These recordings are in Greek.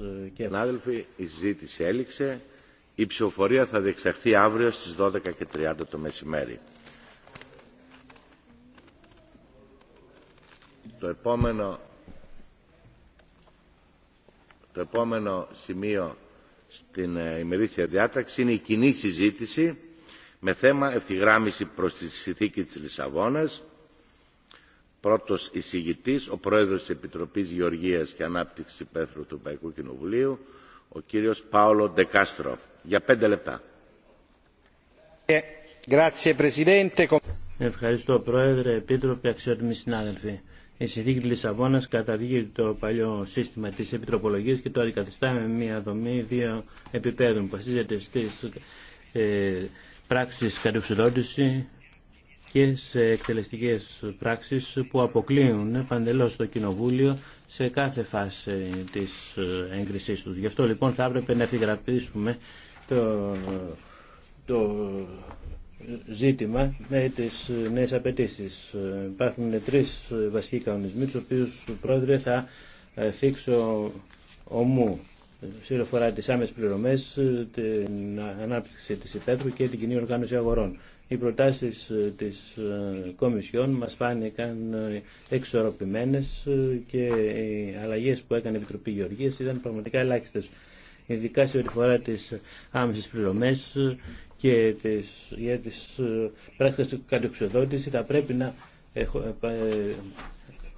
Ε, και... Συνάδελφοι, η συζήτηση έληξε. Η ψηφοφορία θα διεξαχθεί αύριο στις 12.30 το μεσημέρι. Το επόμενο, το επόμενο σημείο στην ε, ημερήσια διάταξη είναι η κοινή συζήτηση με θέμα ευθυγράμμιση προς τη συνθήκη της Λισαβόνας πρώτος εισηγητής, ο πρόεδρος της Επιτροπής Γεωργίας και Ανάπτυξης Πέθρου του Παϊκού Κοινοβουλίου, ο κύριος Πάολο Ντεκάστρο. Για πέντε λεπτά. Ευχαριστώ Πρόεδρε, Επίτροπε, αξιότιμοι συνάδελφοι. Η συνθήκη τη Λισαβόνα καταργεί το παλιό σύστημα τη επιτροπολογία και το αντικαθιστά με μια δομή δύο επιπέδων που βασίζεται στι ε, πράξει κατευθυνότηση, και σε εκτελεστικές πράξεις που αποκλείουν παντελώς το Κοινοβούλιο σε κάθε φάση της έγκρισής τους. Γι' αυτό λοιπόν θα έπρεπε να ευθυγραφίσουμε το, το ζήτημα με τις νέες απαιτήσει. Υπάρχουν τρεις βασικοί κανονισμοί, τους οποίους πρόεδρε θα θίξω ομού σε τις άμεσες πληρωμές, την ανάπτυξη της υπέτρου και την κοινή οργάνωση αγορών. Οι προτάσεις ε, της ε, Κομισιόν μας φάνηκαν ε, εξορροπημένες και οι αλλαγές που έκανε η Επιτροπή Γεωργίας ήταν πραγματικά ελάχιστες. Ειδικά σε ό,τι φορά τις άμεσες πληρωμές και τις, για τις πράξεις του κατεξοδότηση θα πρέπει να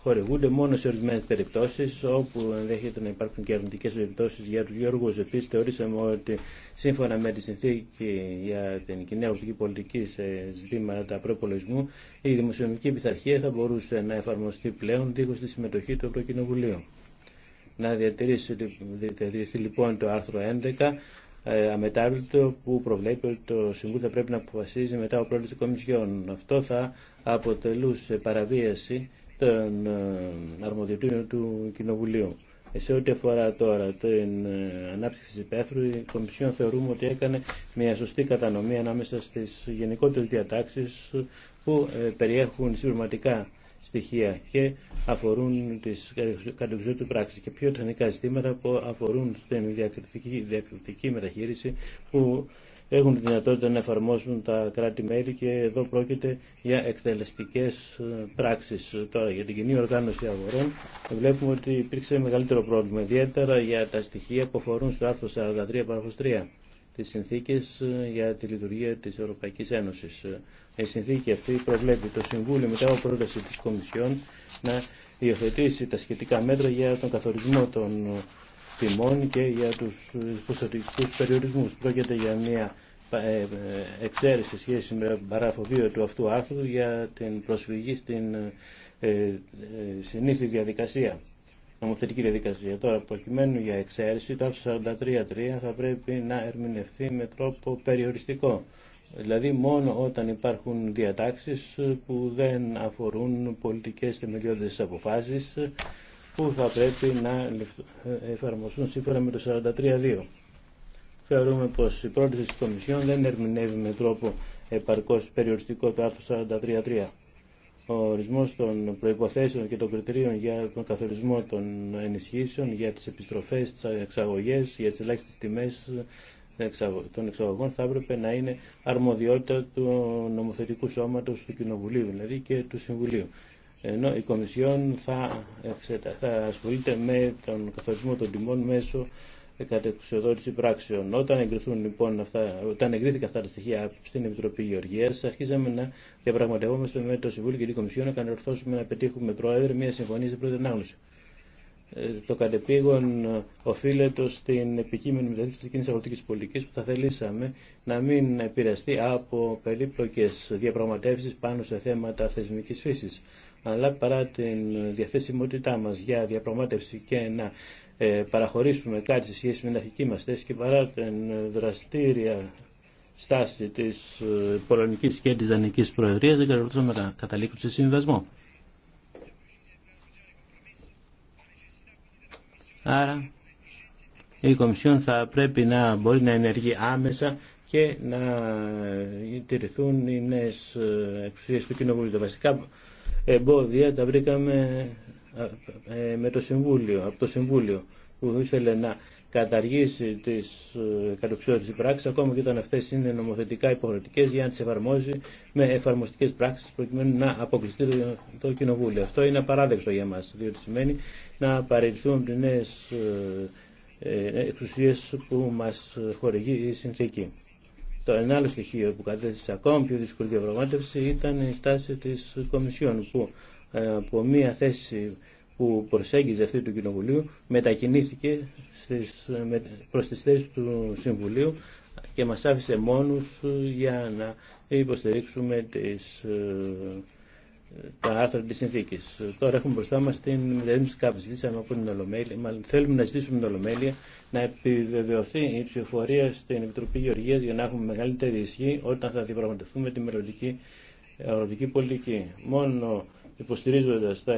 χορηγούνται μόνο σε ορισμένε περιπτώσει, όπου ενδέχεται να υπάρχουν και αρνητικέ επιπτώσει για του Γιώργου. Επίση, θεωρήσαμε ότι σύμφωνα με τη συνθήκη για την κοινή οπτική πολιτική σε ζητήματα προπολογισμού, η δημοσιονομική πειθαρχία θα μπορούσε να εφαρμοστεί πλέον δίχω τη συμμετοχή του Ευρωκοινοβουλίου. Να διατηρήσει, λοιπόν το άρθρο 11 ε, αμετάβλητο που προβλέπει ότι το Συμβούλιο θα πρέπει να αποφασίζει μετά ο πρόεδρος της Κομισιόν. Αυτό θα αποτελούσε παραβίαση των ε, αρμοδιοτήτων του Κοινοβουλίου. Ε, σε ό,τι αφορά τώρα την ε, ανάπτυξη της υπαίθρου, η Κομισιόν θεωρούμε ότι έκανε μια σωστή κατανομή ανάμεσα στις γενικότερες διατάξεις που περιέχουν συμπληρωματικά στοιχεία και αφορούν τις κατευθυντικές του πράξη και πιο τεχνικά ζητήματα που αφορούν στην διακριτική, διακριτική μεταχείριση που έχουν τη δυνατότητα να εφαρμόσουν τα κράτη-μέλη και εδώ πρόκειται για εκτελεστικές ε, πράξεις. Τώρα για την κοινή οργάνωση αγορών βλέπουμε ότι υπήρξε μεγαλύτερο πρόβλημα, ιδιαίτερα για τα στοιχεία που αφορούν στο άρθρο 43 3 τις συνθήκες ε, για τη λειτουργία της Ευρωπαϊκής Ένωσης. Ε, η συνθήκη αυτή προβλέπει το Συμβούλιο μετά από πρόταση της Κομισιόν να υιοθετήσει τα σχετικά μέτρα για τον καθορισμό των τιμών και για τους ποσοτικούς περιορισμούς. Πρόκειται για μια ε, ε, εξαίρεση σχέση με παραφοβείο του αυτού άρθρου για την προσφυγή στην ε, ε διαδικασία, νομοθετική διαδικασία. Τώρα, προκειμένου για εξαίρεση, το άρθρο 43.3 θα πρέπει να ερμηνευθεί με τρόπο περιοριστικό. Δηλαδή μόνο όταν υπάρχουν διατάξεις που δεν αφορούν πολιτικές θεμελιώδεις αποφάσεις που θα πρέπει να ε, εφαρμοστούν σύμφωνα με το 43.2. Θεωρούμε πως η πρόταση της Κομισιόν δεν ερμηνεύει με τρόπο επαρκώς περιοριστικό το άρθρο 43.3. Ο ορισμός των προϋποθέσεων και των κριτηρίων για τον καθορισμό των ενισχύσεων, για τις επιστροφές, τις εξαγωγές, για τις ελάχιστες τιμές των εξαγωγών θα έπρεπε να είναι αρμοδιότητα του νομοθετικού σώματος του Κοινοβουλίου δηλαδή και του Συμβουλίου ενώ η Κομισιόν θα, θα ασχολείται με τον καθορισμό των τιμών μέσω κατεξοδότηση πράξεων. Όταν, εγκριθούν, λοιπόν, αυτά, όταν εγκρίθηκαν αυτά τα στοιχεία στην Επιτροπή Γεωργία, αρχίζαμε να διαπραγματευόμαστε με το Συμβούλιο και την Κομισιόν να κανορθώσουμε να πετύχουμε, Πρόεδρε, μια συμφωνία στην πρώτη ανάγνωση. Ε, το κατεπήγον ε, οφείλεται στην επικείμενη μεταρρύθμιση τη κοινή αγροτική πολιτική που θα θελήσαμε να μην επηρεαστεί από περίπλοκε διαπραγματεύσει πάνω σε θέματα θεσμική φύση αλλά παρά την διαθέσιμότητά μας για διαπραγμάτευση και να ε, παραχωρήσουμε κάτι σε σχέση με την αρχική μας θέση και παρά την δραστήρια στάση της ε, Πολωνικής και της Δανικής Προεδρίας δεν καταλήξουμε να καταλήξουμε σε συμβασμό. Άρα η Κομισιόν θα πρέπει να μπορεί να ενεργεί άμεσα και να ε, τηρηθούν οι νέες εξουσίες του Κοινοβουλίου. Βασικά εμπόδια τα βρήκαμε ε, με το Συμβούλιο, από το Συμβούλιο που ήθελε να καταργήσει τις ε, κατοξιότητες πράξεις, ακόμα και όταν αυτές είναι νομοθετικά υποχρεωτικές για να τις εφαρμόζει με εφαρμοστικές πράξεις προκειμένου να αποκλειστεί το, Κοινοβούλιο. Αυτό είναι απαράδεκτο για μας, διότι σημαίνει να παρελθούν τις νέες ε, εξουσίες που μας χορηγεί η συνθήκη. Το ένα άλλο στοιχείο που κατέστησε ακόμα πιο δύσκολη διαπραγμάτευση ήταν η στάση της Κομισιόν που ε, από μια θέση που προσέγγιζε αυτή του Κοινοβουλίου μετακινήθηκε στις, ε, προς τις του Συμβουλίου και μας άφησε μόνους για να υποστηρίξουμε τις ε, τα άρθρα τη συνθήκη. Τώρα έχουμε μπροστά μα την μεταρρύθμιση ΚΑΠ. Ζητήσαμε από την Ολομέλεια, μάλλον θέλουμε να ζητήσουμε την Ολομέλεια να επιβεβαιωθεί η ψηφοφορία στην Επιτροπή Γεωργία για να έχουμε μεγαλύτερη ισχύ όταν θα διαπραγματευτούμε τη μελλοντική ε, αγροτική πολιτική. Μόνο υποστηρίζοντα τι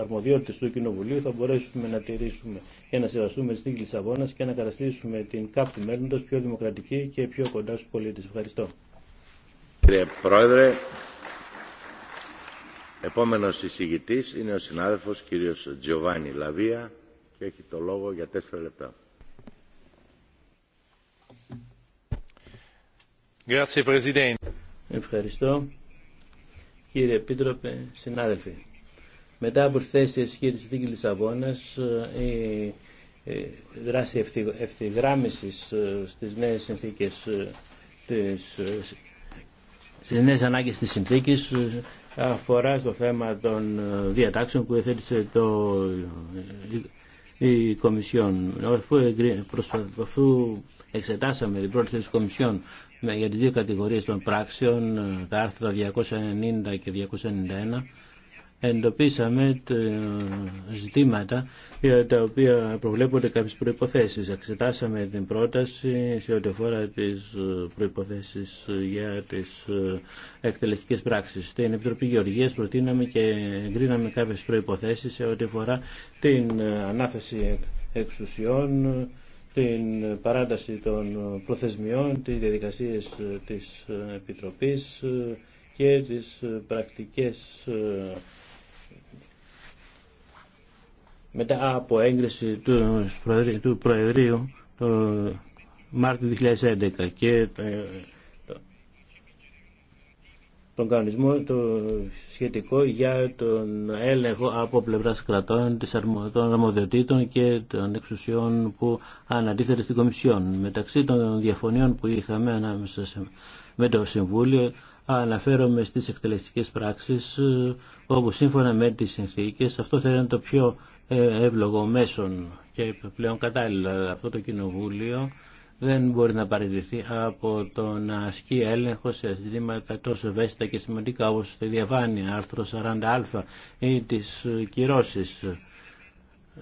αρμοδιότητε του Κοινοβουλίου, θα μπορέσουμε να τηρήσουμε και να σεβαστούμε στην Λισαβόνα και να καταστήσουμε την ΚΑΠ του μέλλοντο πιο δημοκρατική και πιο κοντά στου πολίτε. Ευχαριστώ. Κύριε Πρόεδρε, Επόμενος εισηγητής είναι ο συνάδελφος κύριος Τζιωβάνι Λαβία και έχει το λόγο για τέσσερα λεπτά. Ευχαριστώ. Κύριε Επίτροπε, συνάδελφοι. Μετά από τη θέση ισχύ της δίκης Λισαβόνας, ε, η ε, δράση ευθυγράμμισης ε, στις νέες συνθήκες της στις ανάγκες της συνθήκης αφορά στο θέμα των ε, διατάξεων που εθέτησε το, ε, η Κομισιόν. Αφού, εξετάσαμε την πρόταση της Κομισιόν για τις δύο κατηγορίες των πράξεων, ε, τα άρθρα 290 και 291, εντοπίσαμε ζητήματα για τα οποία προβλέπονται κάποιες προϋποθέσεις. Εξετάσαμε την πρόταση σε ό,τι αφορά τις προϋποθέσεις για τις εκτελεστικές πράξεις. Στην Επιτροπή Γεωργίας προτείναμε και εγκρίναμε κάποιες προϋποθέσεις σε ό,τι αφορά την ανάθεση εξουσιών, την παράταση των προθεσμιών, τις διαδικασίες της Επιτροπής και τις πρακτικές μετά από έγκριση του, του Προεδρείου το Μάρτιο 2011 και τον κανονισμό το σχετικό για τον έλεγχο από πλευράς κρατών των αρμοδιοτήτων και των εξουσιών που ανατίθεται στην Κομισιόν. Μεταξύ των διαφωνιών που είχαμε ανάμεσα με το Συμβούλιο αναφέρομαι στις εκτελεστικές πράξεις ε, όπου σύμφωνα με τις συνθήκες αυτό θα ήταν το πιο ε, εύλογο μέσον και πλέον κατάλληλα αυτό το κοινοβούλιο δεν μπορεί να παραιτηθεί από το να ασκεί έλεγχο σε ζητήματα τόσο ευαίσθητα και σημαντικά όπως τη διαφάνεια, άρθρο 40α ή τις κυρώσεις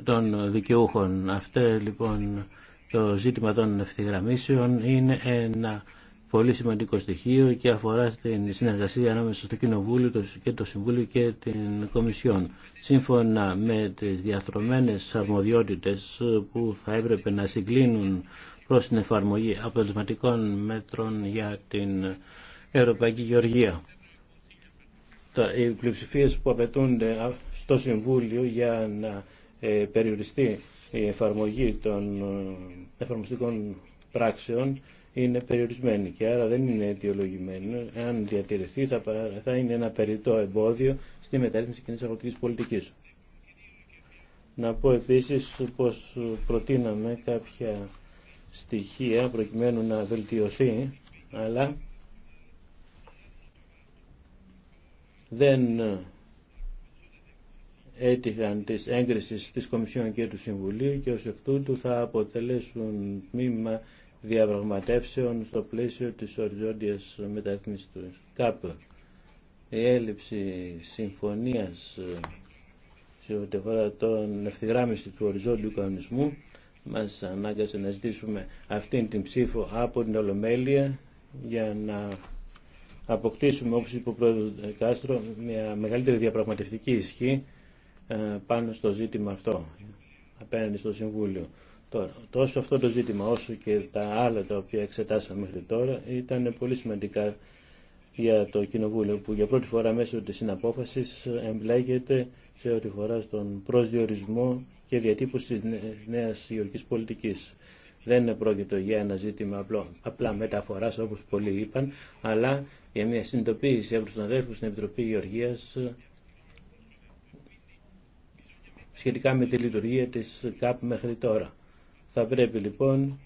των δικαιούχων. Αυτό λοιπόν το ζήτημα των ευθυγραμμίσεων είναι ένα πολύ σημαντικό στοιχείο και αφορά στην συνεργασία ανάμεσα στο Κοινοβούλιο και το Συμβούλιο και την Κομισιόν. Σύμφωνα με τις διαθρωμένες αρμοδιότητες που θα έπρεπε να συγκλίνουν προς την εφαρμογή αποτελεσματικών μέτρων για την Ευρωπαϊκή Γεωργία. Οι πλειοψηφίε που απαιτούνται στο Συμβούλιο για να ε, περιοριστεί η εφαρμογή των ε, εφαρμοστικών πράξεων είναι περιορισμένη και άρα δεν είναι αιτιολογημένη. Αν διατηρηθεί θα, θα είναι ένα περιττό εμπόδιο στη μεταρρύθμιση κοινής αγροτική πολιτικής. Να πω επίσης πως προτείναμε κάποια στοιχεία προκειμένου να βελτιωθεί, αλλά δεν έτυχαν τις έγκρισης της Κομισιόν και του Συμβουλίου και ως εκ τούτου θα αποτελέσουν τμήμα διαπραγματεύσεων στο πλαίσιο της οριζόντιας μεταρρύθμισης του ΚΑΠ. Η έλλειψη συμφωνίας ε, σε ό,τι αφορά την ευθυγράμμιση του οριζόντιου κανονισμού μας ανάγκασε να ζητήσουμε αυτήν την ψήφο από την Ολομέλεια για να αποκτήσουμε όπως είπε ο πρόεδρος Κάστρο μια μεγαλύτερη διαπραγματευτική ισχύ ε, πάνω στο ζήτημα αυτό απέναντι στο Συμβούλιο. Τώρα, τόσο αυτό το ζήτημα όσο και τα άλλα τα οποία εξετάσαμε μέχρι τώρα ήταν πολύ σημαντικά για το Κοινοβούλιο που για πρώτη φορά μέσω της συναπόφασης εμπλέκεται σε ό,τι φορά στον προσδιορισμό και διατύπωση της νέας γεωργικής πολιτικής. Δεν πρόκειται για ένα ζήτημα απλό, απλά μεταφοράς όπως πολλοί είπαν, αλλά για μια συνειδητοποίηση από τους αδέρφους στην Επιτροπή Γεωργίας σχετικά με τη λειτουργία της ΚΑΠ μέχρι τώρα. Θα πρέπει λοιπόν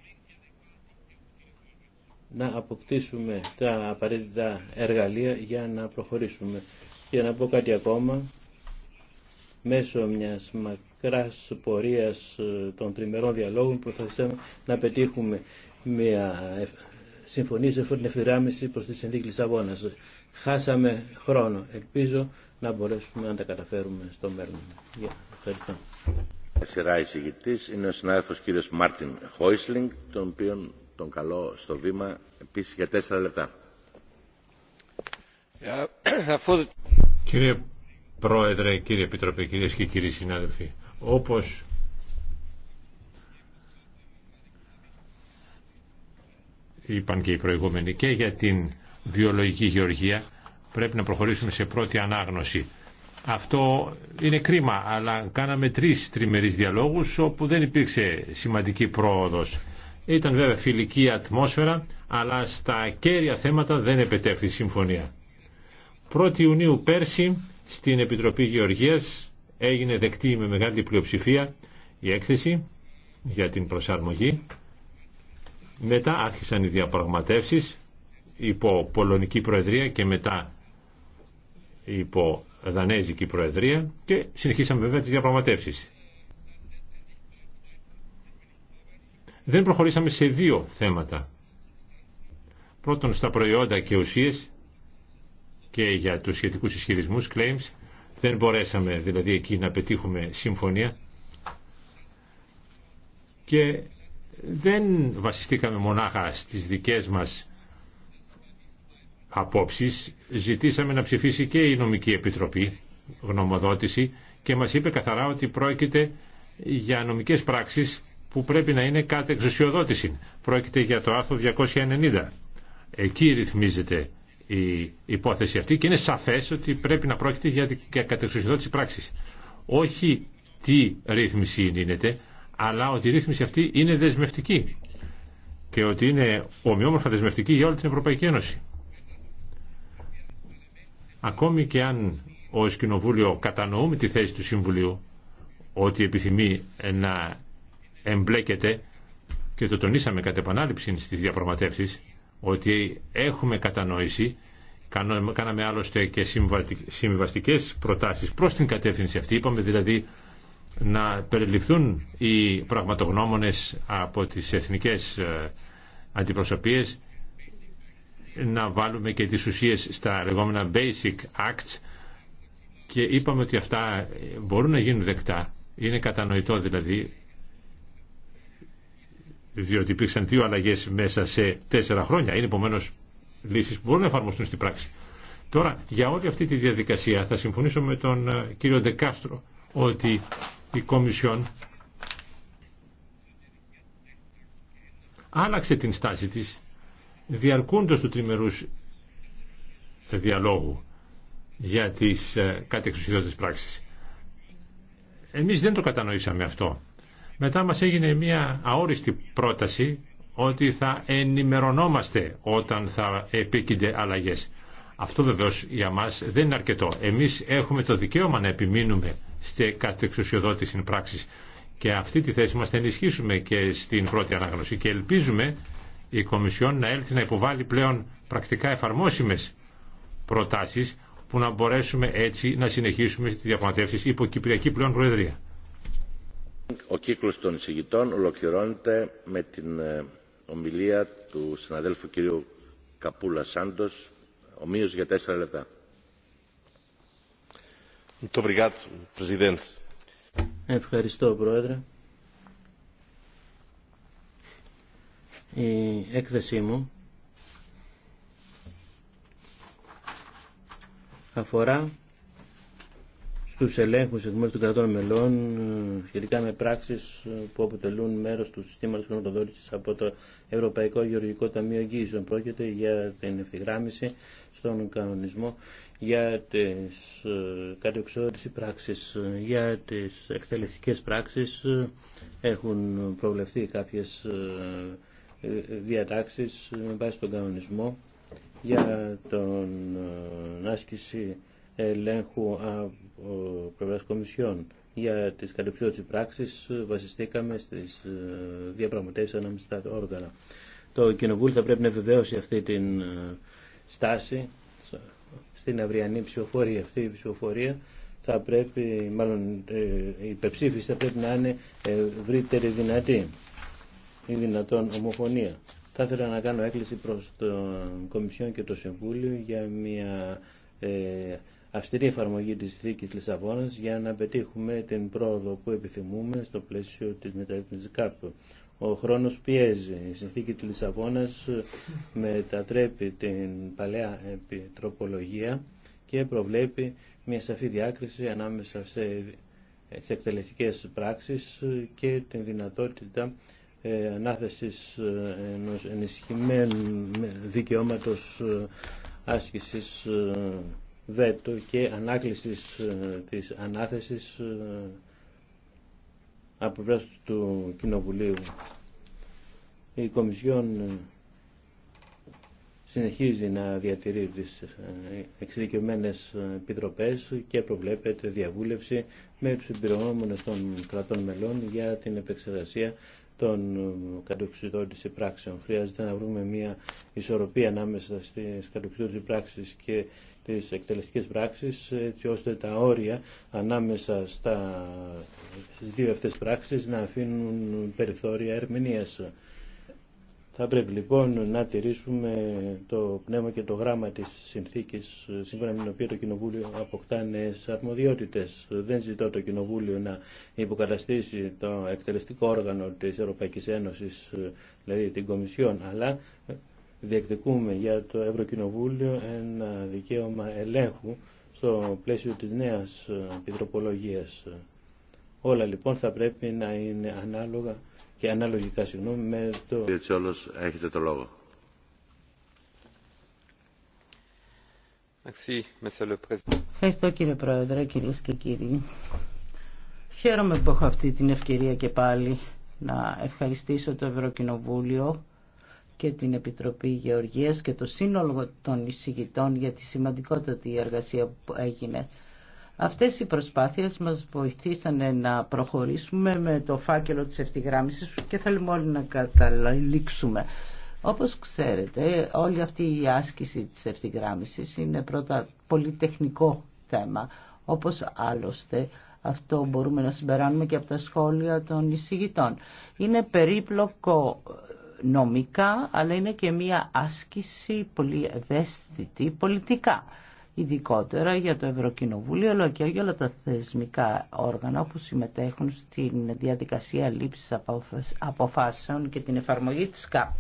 να αποκτήσουμε τα απαραίτητα εργαλεία για να προχωρήσουμε. Για να πω κάτι ακόμα, μέσω μιας μακράς πορείας ε, των τριμερών διαλόγων προσπαθήσαμε να πετύχουμε μια ε, συμφωνία σε αυτή την ευθυράμιση προς τη συνδίκη Λισαβόνας. Χάσαμε χρόνο. Ελπίζω να μπορέσουμε να τα καταφέρουμε στο μέλλον. Yeah. Σειρά εισηγητή είναι ο συνάδελφο κύριο Μάρτιν Χόισλινγκ, τον οποίο τον καλώ στο βήμα επίση για τέσσερα λεπτά. Κύριε Πρόεδρε, κύριε Επιτροπή, κυρίε και κύριοι συνάδελφοι, όπω είπαν και οι προηγούμενοι και για την βιολογική γεωργία, πρέπει να προχωρήσουμε σε πρώτη ανάγνωση αυτό είναι κρίμα, αλλά κάναμε τρεις τριμερείς διαλόγους όπου δεν υπήρξε σημαντική πρόοδος. Ήταν βέβαια φιλική ατμόσφαιρα, αλλά στα κέρια θέματα δεν επετέφθη συμφωνία. 1η Ιουνίου πέρσι στην Επιτροπή Γεωργίας έγινε δεκτή με μεγάλη πλειοψηφία η έκθεση για την προσαρμογή. Μετά άρχισαν οι διαπραγματεύσεις υπό Πολωνική Προεδρία και μετά υπό Δανέζικη Προεδρία και συνεχίσαμε βέβαια τις διαπραγματεύσεις. Δεν προχωρήσαμε σε δύο θέματα. Πρώτον στα προϊόντα και ουσίες και για τους σχετικούς ισχυρισμούς, claims, δεν μπορέσαμε δηλαδή εκεί να πετύχουμε συμφωνία και δεν βασιστήκαμε μονάχα στις δικές μας απόψεις ζητήσαμε να ψηφίσει και η Νομική Επιτροπή γνωμοδότηση και μας είπε καθαρά ότι πρόκειται για νομικές πράξεις που πρέπει να είναι κάτω Πρόκειται για το άρθρο 290. Εκεί ρυθμίζεται η υπόθεση αυτή και είναι σαφές ότι πρέπει να πρόκειται για κατεξουσιοδότηση πράξης. Όχι τι ρύθμιση είναι, αλλά ότι η ρύθμιση αυτή είναι δεσμευτική και ότι είναι ομοιόμορφα δεσμευτική για όλη την Ευρωπαϊκή Ένωση. Ακόμη και αν ό Κοινοβούλιο κατανοούμε τη θέση του Συμβουλίου ότι επιθυμεί να εμπλέκεται και το τονίσαμε κατά επανάληψη στις διαπραγματεύσεις ότι έχουμε κατανόηση κάναμε άλλωστε και συμβαστικές προτάσεις προς την κατεύθυνση αυτή είπαμε δηλαδή να περιληφθούν οι πραγματογνώμονες από τις εθνικές ε, αντιπροσωπείες να βάλουμε και τις ουσίες στα λεγόμενα basic acts και είπαμε ότι αυτά μπορούν να γίνουν δεκτά. Είναι κατανοητό δηλαδή διότι υπήρξαν δύο αλλαγές μέσα σε τέσσερα χρόνια. Είναι επομένω λύσεις που μπορούν να εφαρμοστούν στην πράξη. Τώρα, για όλη αυτή τη διαδικασία θα συμφωνήσω με τον ε, κύριο Δεκάστρο ότι η Κομισιόν άλλαξε την στάση της διαρκούντος του τριμερούς διαλόγου για τις ε, κατεξουσιώδεις πράξεις. Εμείς δεν το κατανοήσαμε αυτό. Μετά μας έγινε μια αόριστη πρόταση ότι θα ενημερωνόμαστε όταν θα επίκυνται αλλαγές. Αυτό βεβαίως για μας δεν είναι αρκετό. Εμείς έχουμε το δικαίωμα να επιμείνουμε σε κατεξουσιοδότηση πράξης και αυτή τη θέση μας θα ενισχύσουμε και στην πρώτη ανάγνωση και ελπίζουμε η Κομισιόν να έλθει να υποβάλει πλέον πρακτικά εφαρμόσιμες προτάσεις που να μπορέσουμε έτσι να συνεχίσουμε τη διαπραγματεύσεις υπό Κυπριακή πλέον Προεδρία. Ο κύκλος των εισηγητών ολοκληρώνεται με την ε, ομιλία του συναδέλφου κ. Καπούλα Σάντος, ομοίως για τέσσερα λεπτά. Ευχαριστώ, Πρόεδρε. Η έκθεσή μου αφορά στους ελέγχους εκ μέρους των κρατών μελών ε, σχετικά με πράξεις ε, που αποτελούν μέρος του συστήματος χρονοδότησης από το Ευρωπαϊκό Γεωργικό Ταμείο Εγγύησεων. Πρόκειται για την ευθυγράμμιση στον κανονισμό για τις ε, κατεξόρυση πράξεις, για τις εκτελεστικές πράξεις έχουν προβλεφθεί κάποιες ε, διατάξεις με βάση τον κανονισμό για τον ε, άσκηση ελέγχου από πλευράς Κομισιόν. Για τις της πράξεις ε, βασιστήκαμε στις διαπραγματεύσεις ανάμεσα στα όργανα. Το Κοινοβούλιο θα πρέπει να βεβαίωσει αυτή την στάση στην αυριανή ψηφοφορία. Αυτή η ψηφοφορία θα πρέπει, μάλλον η υπεψήφιση θα πρέπει να είναι ευρύτερη δυνατή ή δυνατόν ομοφωνία. Θα ήθελα να κάνω έκκληση προς το Κομισιόν και το Συμβούλιο για μια ε, αυστηρή εφαρμογή της Θήκης Λισαβόνας για να πετύχουμε την πρόοδο που επιθυμούμε στο πλαίσιο της μεταρρύθμισης ΚΑΠ. Ο χρόνος πιέζει. Η συνθήκη της Λισαβόνας ε, μετατρέπει την παλαιά επιτροπολογία και προβλέπει μια σαφή διάκριση ανάμεσα σε, σε εκτελεστικές πράξεις και την δυνατότητα ε, ανάθεσης ε, ενός ενισχυμένου δικαιώματος ε, άσκησης βέτο και ανάκλησης της ανάθεσης από πλευράς του Κοινοβουλίου. Η Κομισιόν συνεχίζει να διατηρεί τις εξειδικευμένες επιτροπές και προβλέπεται διαβούλευση με τους εμπειρογνώμονες των κρατών μελών για την επεξεργασία των ε, κατοξιδότηση πράξεων. Χρειάζεται να βρούμε μια ισορροπία ανάμεσα στις κατοξιδότηση πράξεις και τις εκτελεστικές πράξεις έτσι ώστε τα όρια ανάμεσα στα, στις δύο αυτές πράξεις να αφήνουν περιθώρια ερμηνείας. Θα πρέπει λοιπόν να τηρήσουμε το πνεύμα και το γράμμα της συνθήκης σύμφωνα με την οποία το Κοινοβούλιο αποκτά νέες αρμοδιότητες. Δεν ζητώ το Κοινοβούλιο να υποκαταστήσει το εκτελεστικό όργανο της Ευρωπαϊκής Ένωσης, δηλαδή την Κομισιόν, αλλά διεκδικούμε για το Ευρωκοινοβούλιο ένα δικαίωμα ελέγχου στο πλαίσιο της νέας επιτροπολογίας. Όλα λοιπόν θα πρέπει να είναι ανάλογα και αναλογικά συγγνώμη με το... Κύριε Τσόλος, έχετε το λόγο. Ευχαριστώ κύριε Πρόεδρε, κυρίες και κύριοι. Χαίρομαι που έχω αυτή την ευκαιρία και πάλι να ευχαριστήσω το Ευρωκοινοβούλιο και την Επιτροπή Γεωργίας και το σύνολο των εισηγητών για τη σημαντικότατη εργασία που έγινε. Αυτές οι προσπάθειες μας βοηθήσανε να προχωρήσουμε με το φάκελο της ευθυγράμμισης και θέλουμε όλοι να καταλήξουμε. Όπως ξέρετε, όλη αυτή η άσκηση της ευθυγράμμισης είναι πρώτα πολυτεχνικό θέμα, όπως άλλωστε αυτό μπορούμε να συμπεράνουμε και από τα σχόλια των εισηγητών. Είναι περίπλοκο νομικά, αλλά είναι και μία άσκηση πολύ ευαίσθητη πολιτικά ειδικότερα για το Ευρωκοινοβούλιο αλλά και για όλα τα θεσμικά όργανα που συμμετέχουν στην διαδικασία λήψης αποφάσεων και την εφαρμογή της ΚΑΠ.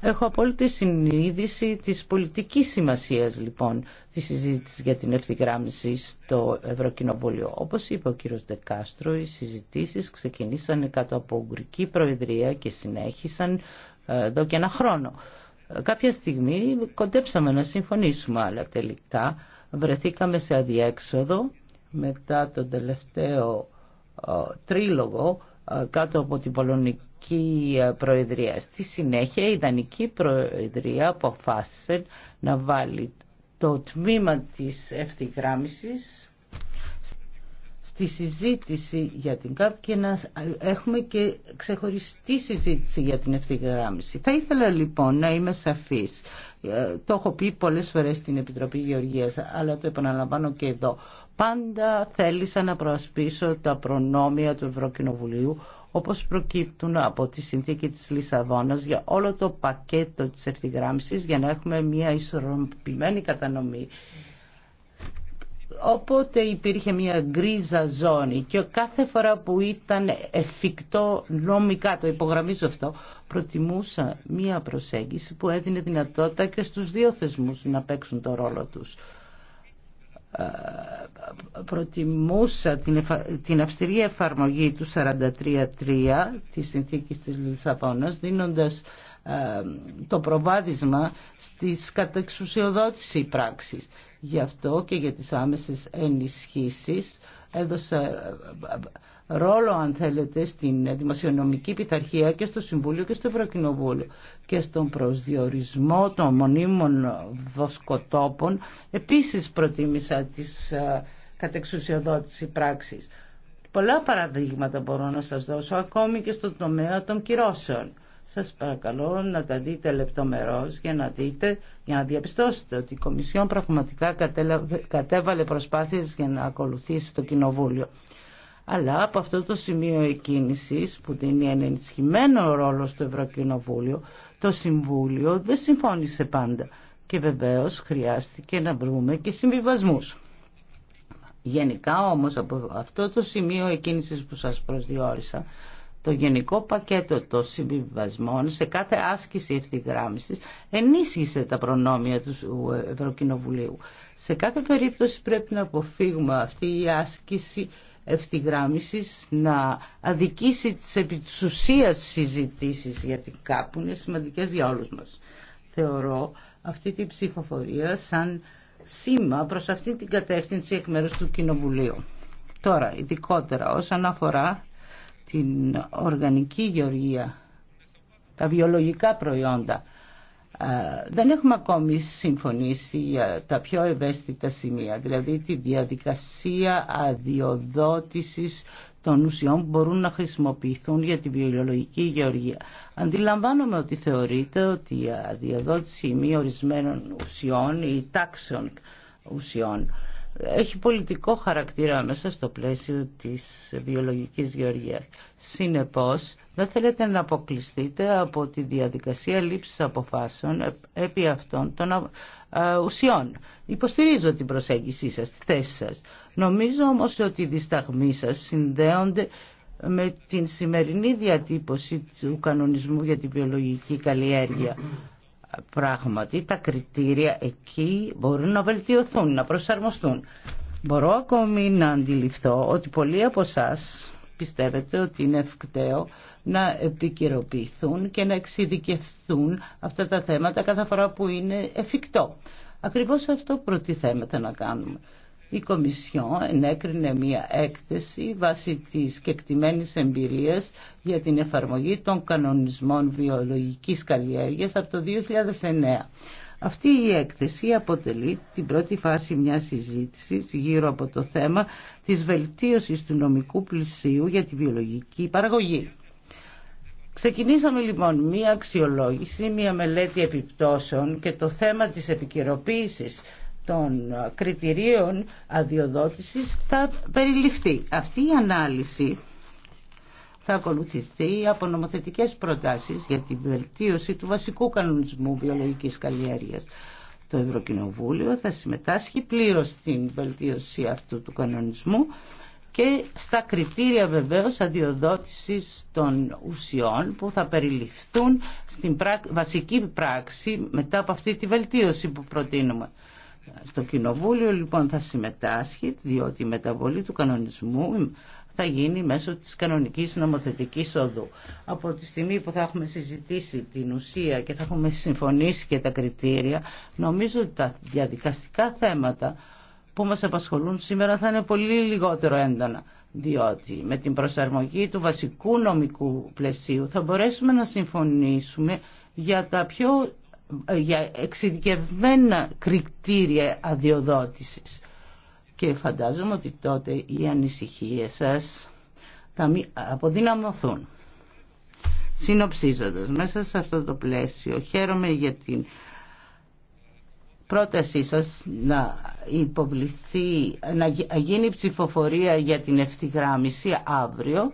Έχω απόλυτη συνείδηση της πολιτικής σημασίας λοιπόν της συζήτηση για την ευθυγράμμιση στο Ευρωκοινοβούλιο. Όπως είπε ο κύριος Δεκάστρο, οι συζητήσεις ξεκινήσαν κάτω από Ουγγρική Προεδρία και συνέχισαν ε, εδώ και ένα χρόνο. Κάποια στιγμή κοντέψαμε να συμφωνήσουμε, αλλά τελικά βρεθήκαμε σε αδιέξοδο μετά τον τελευταίο τρίλογο κάτω από την Πολωνική Προεδρία. Στη συνέχεια η Ιδανική Προεδρία αποφάσισε να βάλει το τμήμα της ευθυγράμμισης στη συζήτηση για την ΚΑΠ και να έχουμε και ξεχωριστή συζήτηση για την ευθυγράμμιση. Θα ήθελα λοιπόν να είμαι σαφής. Ε, το έχω πει πολλές φορές στην Επιτροπή Γεωργίας, αλλά το επαναλαμβάνω και εδώ. Πάντα θέλησα να προασπίσω τα προνόμια του Ευρωκοινοβουλίου όπως προκύπτουν από τη συνθήκη της Λισαβόνας για όλο το πακέτο της ευθυγράμμισης για να έχουμε μια ισορροπημένη κατανομή Οπότε υπήρχε μια γκρίζα ζώνη και κάθε φορά που ήταν εφικτό νομικά, το υπογραμμίζω αυτό, προτιμούσα μια προσέγγιση που έδινε δυνατότητα και στους δύο θεσμούς να παίξουν το ρόλο τους. Ε, προτιμούσα την αυστηρή εφαρμογή του 43-3 της συνθήκης της Λισαβόνας, δίνοντας ε, το προβάδισμα στις κατεξουσιοδότηση πράξεις. Γι' αυτό και για τις άμεσες ενισχύσεις έδωσε ε, ρόλο αν θέλετε στην δημοσιονομική πειθαρχία και στο Συμβούλιο και στο Ευρωκοινοβούλιο και στον προσδιορισμό των μονίμων βοσκοτόπων επίσης προτίμησα τις ε, κατεξουσιοδότηση πράξεις. Πολλά παραδείγματα μπορώ να σας δώσω ακόμη και στον τομέα των κυρώσεων. Σας παρακαλώ να τα δείτε λεπτομερώς για να δείτε, για να διαπιστώσετε ότι η Κομισιόν πραγματικά κατέβαλε προσπάθειες για να ακολουθήσει το Κοινοβούλιο. Αλλά από αυτό το σημείο εκκίνησης που δίνει ένα ενισχυμένο ρόλο στο Ευρωκοινοβούλιο, το Συμβούλιο δεν συμφώνησε πάντα και βεβαίως χρειάστηκε να βρούμε και συμβιβασμούς. Γενικά όμως από αυτό το σημείο εκκίνησης που σας προσδιορίσα, το γενικό πακέτο των συμβιβασμών σε κάθε άσκηση ευθυγράμμισης ενίσχυσε τα προνόμια του Ευρωκοινοβουλίου. Σε κάθε περίπτωση πρέπει να αποφύγουμε αυτή η άσκηση ευθυγράμμισης να αδικήσει τις επί ουσίας συζητήσεις για την κάπου είναι σημαντικές για όλους μας. Θεωρώ αυτή την ψηφοφορία σαν σήμα προς αυτή την κατεύθυνση εκ μέρους του Κοινοβουλίου. Τώρα, ειδικότερα όσον αφορά την οργανική γεωργία, τα βιολογικά προϊόντα. Ε, δεν έχουμε ακόμη συμφωνήσει για τα πιο ευαίσθητα σημεία, δηλαδή τη διαδικασία αδειοδότησης των ουσιών που μπορούν να χρησιμοποιηθούν για τη βιολογική γεωργία. Αντιλαμβάνομαι ότι θεωρείται ότι η αδειοδότηση μη ορισμένων ουσιών ή τάξεων ουσιών έχει πολιτικό χαρακτήρα μέσα στο πλαίσιο της βιολογικής γεωργίας. Συνεπώς, δεν θέλετε να αποκλειστείτε από τη διαδικασία λήψης αποφάσεων επί αυτών των ουσιών. Υποστηρίζω την προσέγγισή σας, τη θέση σας. Νομίζω όμως ότι οι δισταγμοί σας συνδέονται με την σημερινή διατύπωση του κανονισμού για τη βιολογική καλλιέργεια Πράγματι τα κριτήρια εκεί μπορούν να βελτιωθούν, να προσαρμοστούν. Μπορώ ακόμη να αντιληφθώ ότι πολλοί από εσά πιστεύετε ότι είναι ευκταίο να επικαιροποιηθούν και να εξειδικευθούν αυτά τα θέματα κάθε φορά που είναι εφικτό. Ακριβώς αυτό προτιθέμεται να κάνουμε η Κομισιόν ενέκρινε μια έκθεση βάσει της κεκτημένης εμπειρίας για την εφαρμογή των κανονισμών βιολογικής καλλιέργειας από το 2009. Αυτή η έκθεση αποτελεί την πρώτη φάση μιας συζήτησης γύρω από το θέμα της βελτίωσης του νομικού πλησίου για τη βιολογική παραγωγή. Ξεκινήσαμε λοιπόν μία αξιολόγηση, μία μελέτη επιπτώσεων και το θέμα της επικαιροποίηση των κριτηρίων αδειοδότησης θα περιληφθεί. Αυτή η ανάλυση θα ακολουθηθεί από νομοθετικές προτάσεις για την βελτίωση του βασικού κανονισμού βιολογικής καλλιέργειας. Το Ευρωκοινοβούλιο θα συμμετάσχει πλήρως στην βελτίωση αυτού του κανονισμού και στα κριτήρια βεβαίως αδειοδότησης των ουσιών που θα περιληφθούν στην βασική πράξη μετά από αυτή τη βελτίωση που προτείνουμε. Το Κοινοβούλιο λοιπόν θα συμμετάσχει διότι η μεταβολή του κανονισμού θα γίνει μέσω της κανονικής νομοθετικής οδού. Από τη στιγμή που θα έχουμε συζητήσει την ουσία και θα έχουμε συμφωνήσει και τα κριτήρια, νομίζω ότι τα διαδικαστικά θέματα που μας απασχολούν σήμερα θα είναι πολύ λιγότερο έντονα, διότι με την προσαρμογή του βασικού νομικού πλαισίου θα μπορέσουμε να συμφωνήσουμε για τα πιο ε, για εξειδικευμένα κριτήρια αδειοδότησης. Και φαντάζομαι ότι τότε οι ανησυχίες σας θα αποδυναμωθούν. Συνοψίζοντας, μέσα σε αυτό το πλαίσιο χαίρομαι για την πρότασή σας να υποβληθεί, να γίνει ψηφοφορία για την ευθυγράμμιση αύριο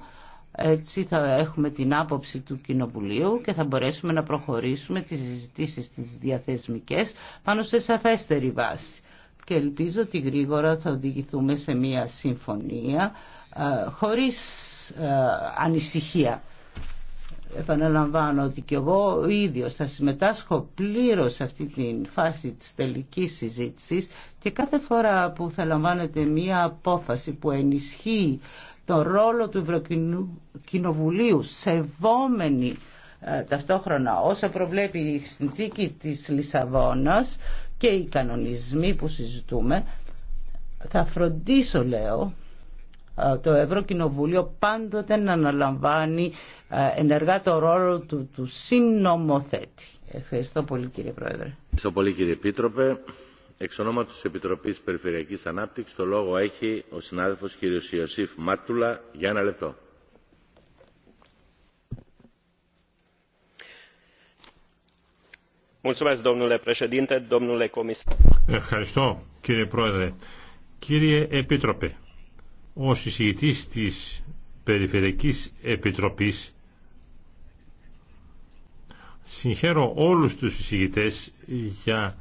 έτσι θα έχουμε την άποψη του Κοινοβουλίου και θα μπορέσουμε να προχωρήσουμε τις συζητήσεις τις διαθεσμικές πάνω σε σαφέστερη βάση. Και ελπίζω ότι γρήγορα θα οδηγηθούμε σε μια συμφωνία ε, χωρίς ε, ανησυχία. Επαναλαμβάνω ότι και εγώ ο ίδιος θα συμμετάσχω πλήρως σε αυτή τη φάση της τελικής συζήτησης και κάθε φορά που θα λαμβάνεται μία απόφαση που ενισχύει το ρόλο του Ευρωκοινοβουλίου σεβόμενοι ε, ταυτόχρονα όσα προβλέπει η συνθήκη της Λισαβόνας και οι κανονισμοί που συζητούμε θα φροντίσω λέω ε, το Ευρωκοινοβούλιο πάντοτε να αναλαμβάνει ε, ενεργά το ρόλο του, του συνομοθέτη. Ευχαριστώ πολύ κύριε Πρόεδρε. Ευχαριστώ πολύ κύριε Επίτροπε. Εξ ονόματος της Επιτροπής Περιφερειακής Ανάπτυξης το λόγο έχει ο συνάδελφος κ. Ιωσήφ Μάτουλα για ένα λεπτό. Ευχαριστώ κύριε Πρόεδρε. Κύριε Επίτροπε, ο συζητήτη της Περιφερειακής Επιτροπής συγχαίρω όλους τους συζητητέ για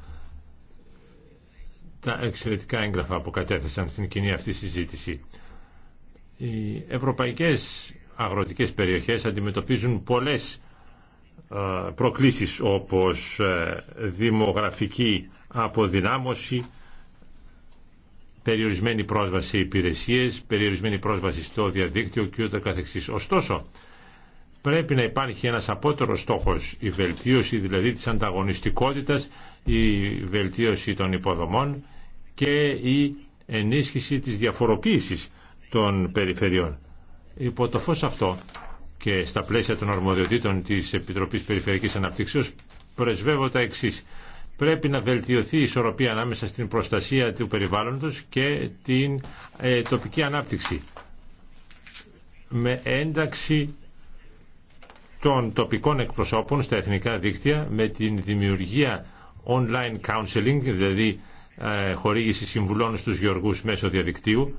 τα εξαιρετικά έγγραφα που κατέθεσαν στην κοινή αυτή συζήτηση. Οι ευρωπαϊκές αγροτικές περιοχές αντιμετωπίζουν πολλές ε, προκλήσεις όπως ε, δημογραφική αποδυνάμωση, περιορισμένη πρόσβαση σε υπηρεσίες, περιορισμένη πρόσβαση στο διαδίκτυο και ούτε καθεξής. Ωστόσο, πρέπει να υπάρχει ένας απότερος στόχος, η βελτίωση δηλαδή της ανταγωνιστικότητας η βελτίωση των υποδομών και η ενίσχυση της διαφοροποίησης των περιφερειών. Υπό το φως αυτό και στα πλαίσια των αρμοδιοτήτων της Επιτροπής Περιφερειακής Αναπτύξεως πρεσβεύω τα εξή. Πρέπει να βελτιωθεί η ισορροπία ανάμεσα στην προστασία του περιβάλλοντος και την ε, τοπική ανάπτυξη. Με ένταξη των τοπικών εκπροσώπων στα εθνικά δίκτυα, με την δημιουργία online counseling, δηλαδή ε, χορήγηση συμβουλών στους γεωργούς μέσω διαδικτύου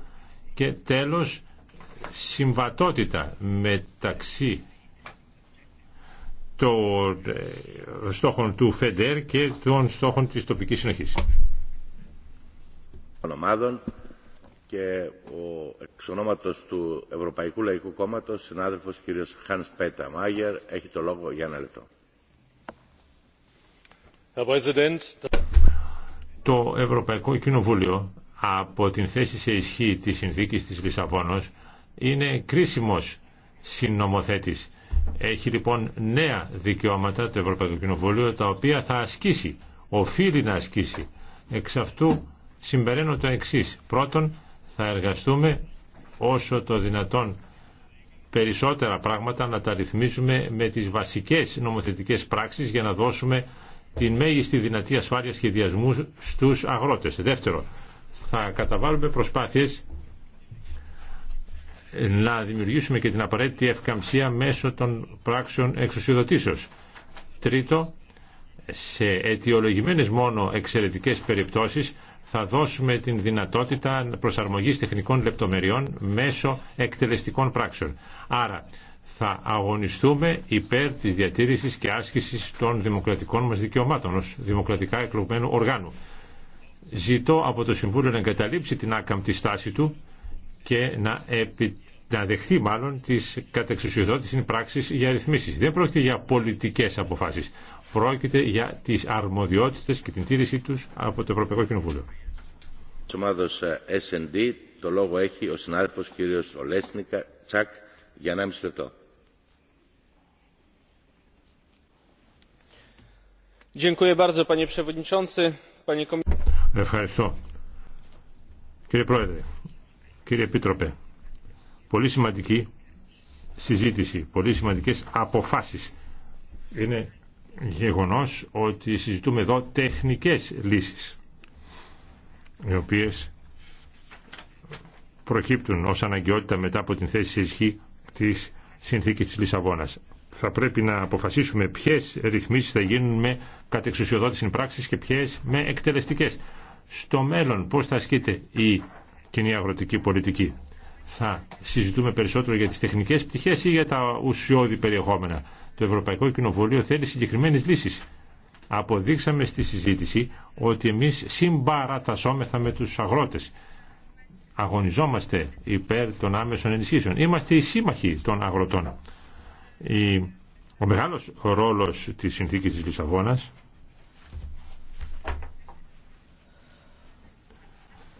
και τέλος συμβατότητα μεταξύ των ε, στόχων του ΦΕΝΤΕΡ και των στόχων της τοπικής συνοχής. Ονομάδων και ο εξ του Ευρωπαϊκού Λαϊκού Κόμματος, συνάδελφος κ. Χάνς Πέτα Μάγερ, έχει το λόγο για ένα λεπτό. Το Ευρωπαϊκό Κοινοβούλιο από την θέση σε ισχύ της συνθήκης της Λισαβόνος είναι κρίσιμος συνομοθέτης. Έχει λοιπόν νέα δικαιώματα το Ευρωπαϊκό Κοινοβούλιο τα οποία θα ασκήσει, οφείλει να ασκήσει. Εξ αυτού συμπεραίνω το εξής. Πρώτον, θα εργαστούμε όσο το δυνατόν περισσότερα πράγματα να τα ρυθμίσουμε με τις βασικές νομοθετικές πράξεις για να δώσουμε την μέγιστη δυνατή ασφάλεια σχεδιασμού στους αγρότες. Δεύτερο, θα καταβάλουμε προσπάθειες να δημιουργήσουμε και την απαραίτητη ευκαμψία μέσω των πράξεων εξουσιοδοτήσεως. Τρίτο, σε αιτιολογημένες μόνο εξαιρετικές περιπτώσεις θα δώσουμε την δυνατότητα προσαρμογής τεχνικών λεπτομεριών μέσω εκτελεστικών πράξεων. Άρα, θα αγωνιστούμε υπέρ της διατήρησης και άσκησης των δημοκρατικών μας δικαιωμάτων ως δημοκρατικά εκλογμένου οργάνου. Ζητώ από το Συμβούλιο να εγκαταλείψει την άκαμπτη στάση του και να, επι... να δεχθεί μάλλον τις κατεξουσιοδότησης πράξεις για ρυθμίσεις. Δεν πρόκειται για πολιτικές αποφάσεις. Πρόκειται για τις αρμοδιότητες και την τήρησή τους από το Ευρωπαϊκό Κοινοβούλιο. Της ε, S&D το λόγο έχει ο συνάδελφος κ. Ολέσνικα Τσακ για 1,5 λεπτό. Ευχαριστώ. Κύριε Πρόεδρε, κύριε Επίτροπε, πολύ σημαντική συζήτηση, πολύ σημαντικές αποφάσεις. Είναι γεγονός ότι συζητούμε εδώ τεχνικές λύσεις, οι οποίες προκύπτουν ως αναγκαιότητα μετά από την θέση σε ισχύ της συνθήκης της Λισαβόνας θα πρέπει να αποφασίσουμε ποιε ρυθμίσει θα γίνουν με κατεξουσιοδότηση πράξη και ποιε με εκτελεστικέ. Στο μέλλον πώ θα ασκείται η κοινή αγροτική πολιτική. Θα συζητούμε περισσότερο για τι τεχνικέ πτυχέ ή για τα ουσιώδη περιεχόμενα. Το Ευρωπαϊκό Κοινοβουλίο θέλει συγκεκριμένε λύσει. Αποδείξαμε στη συζήτηση ότι εμείς συμπαρατασσόμεθα με του αγρότε. Αγωνιζόμαστε υπέρ των άμεσων ενισχύσεων. Είμαστε οι σύμμαχοι των αγροτών ο μεγάλος ρόλος της συνθήκης της Λισαβόνας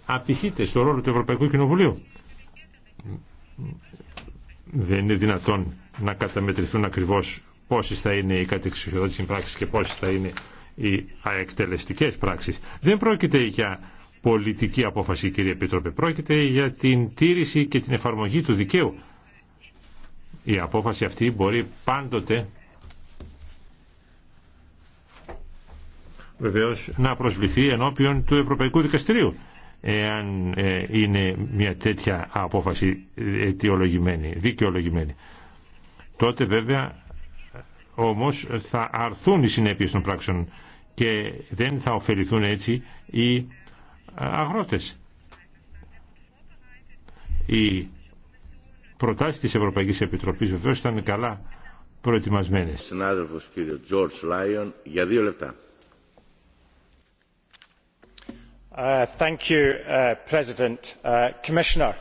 απηχείται στο ρόλο του Ευρωπαϊκού Κοινοβουλίου. Δεν είναι δυνατόν να καταμετρηθούν ακριβώς πόσες θα είναι οι κατεξουσιοδότητες συμπράξεις και πόσες θα είναι οι αεκτελεστικές πράξεις. Δεν πρόκειται για πολιτική απόφαση κύριε Επίτροπε, πρόκειται για την τήρηση και την εφαρμογή του δικαίου. Η απόφαση αυτή μπορεί πάντοτε βεβαίως να προσβληθεί ενώπιον του Ευρωπαϊκού Δικαστηρίου εάν ε, είναι μια τέτοια απόφαση αιτιολογημένη, δικαιολογημένη. Τότε βέβαια όμως θα αρθούν οι συνέπειες των πράξεων και δεν θα ωφεληθούν έτσι οι ε, αγρότες. Οι προτάσει της Ευρωπαϊκής Επιτροπής βεβαίως ήταν καλά προετοιμασμένες. Συνάδελφος κύριο George Λάιον για δύο λεπτά. Uh, thank you, uh, President, uh, Commissioner.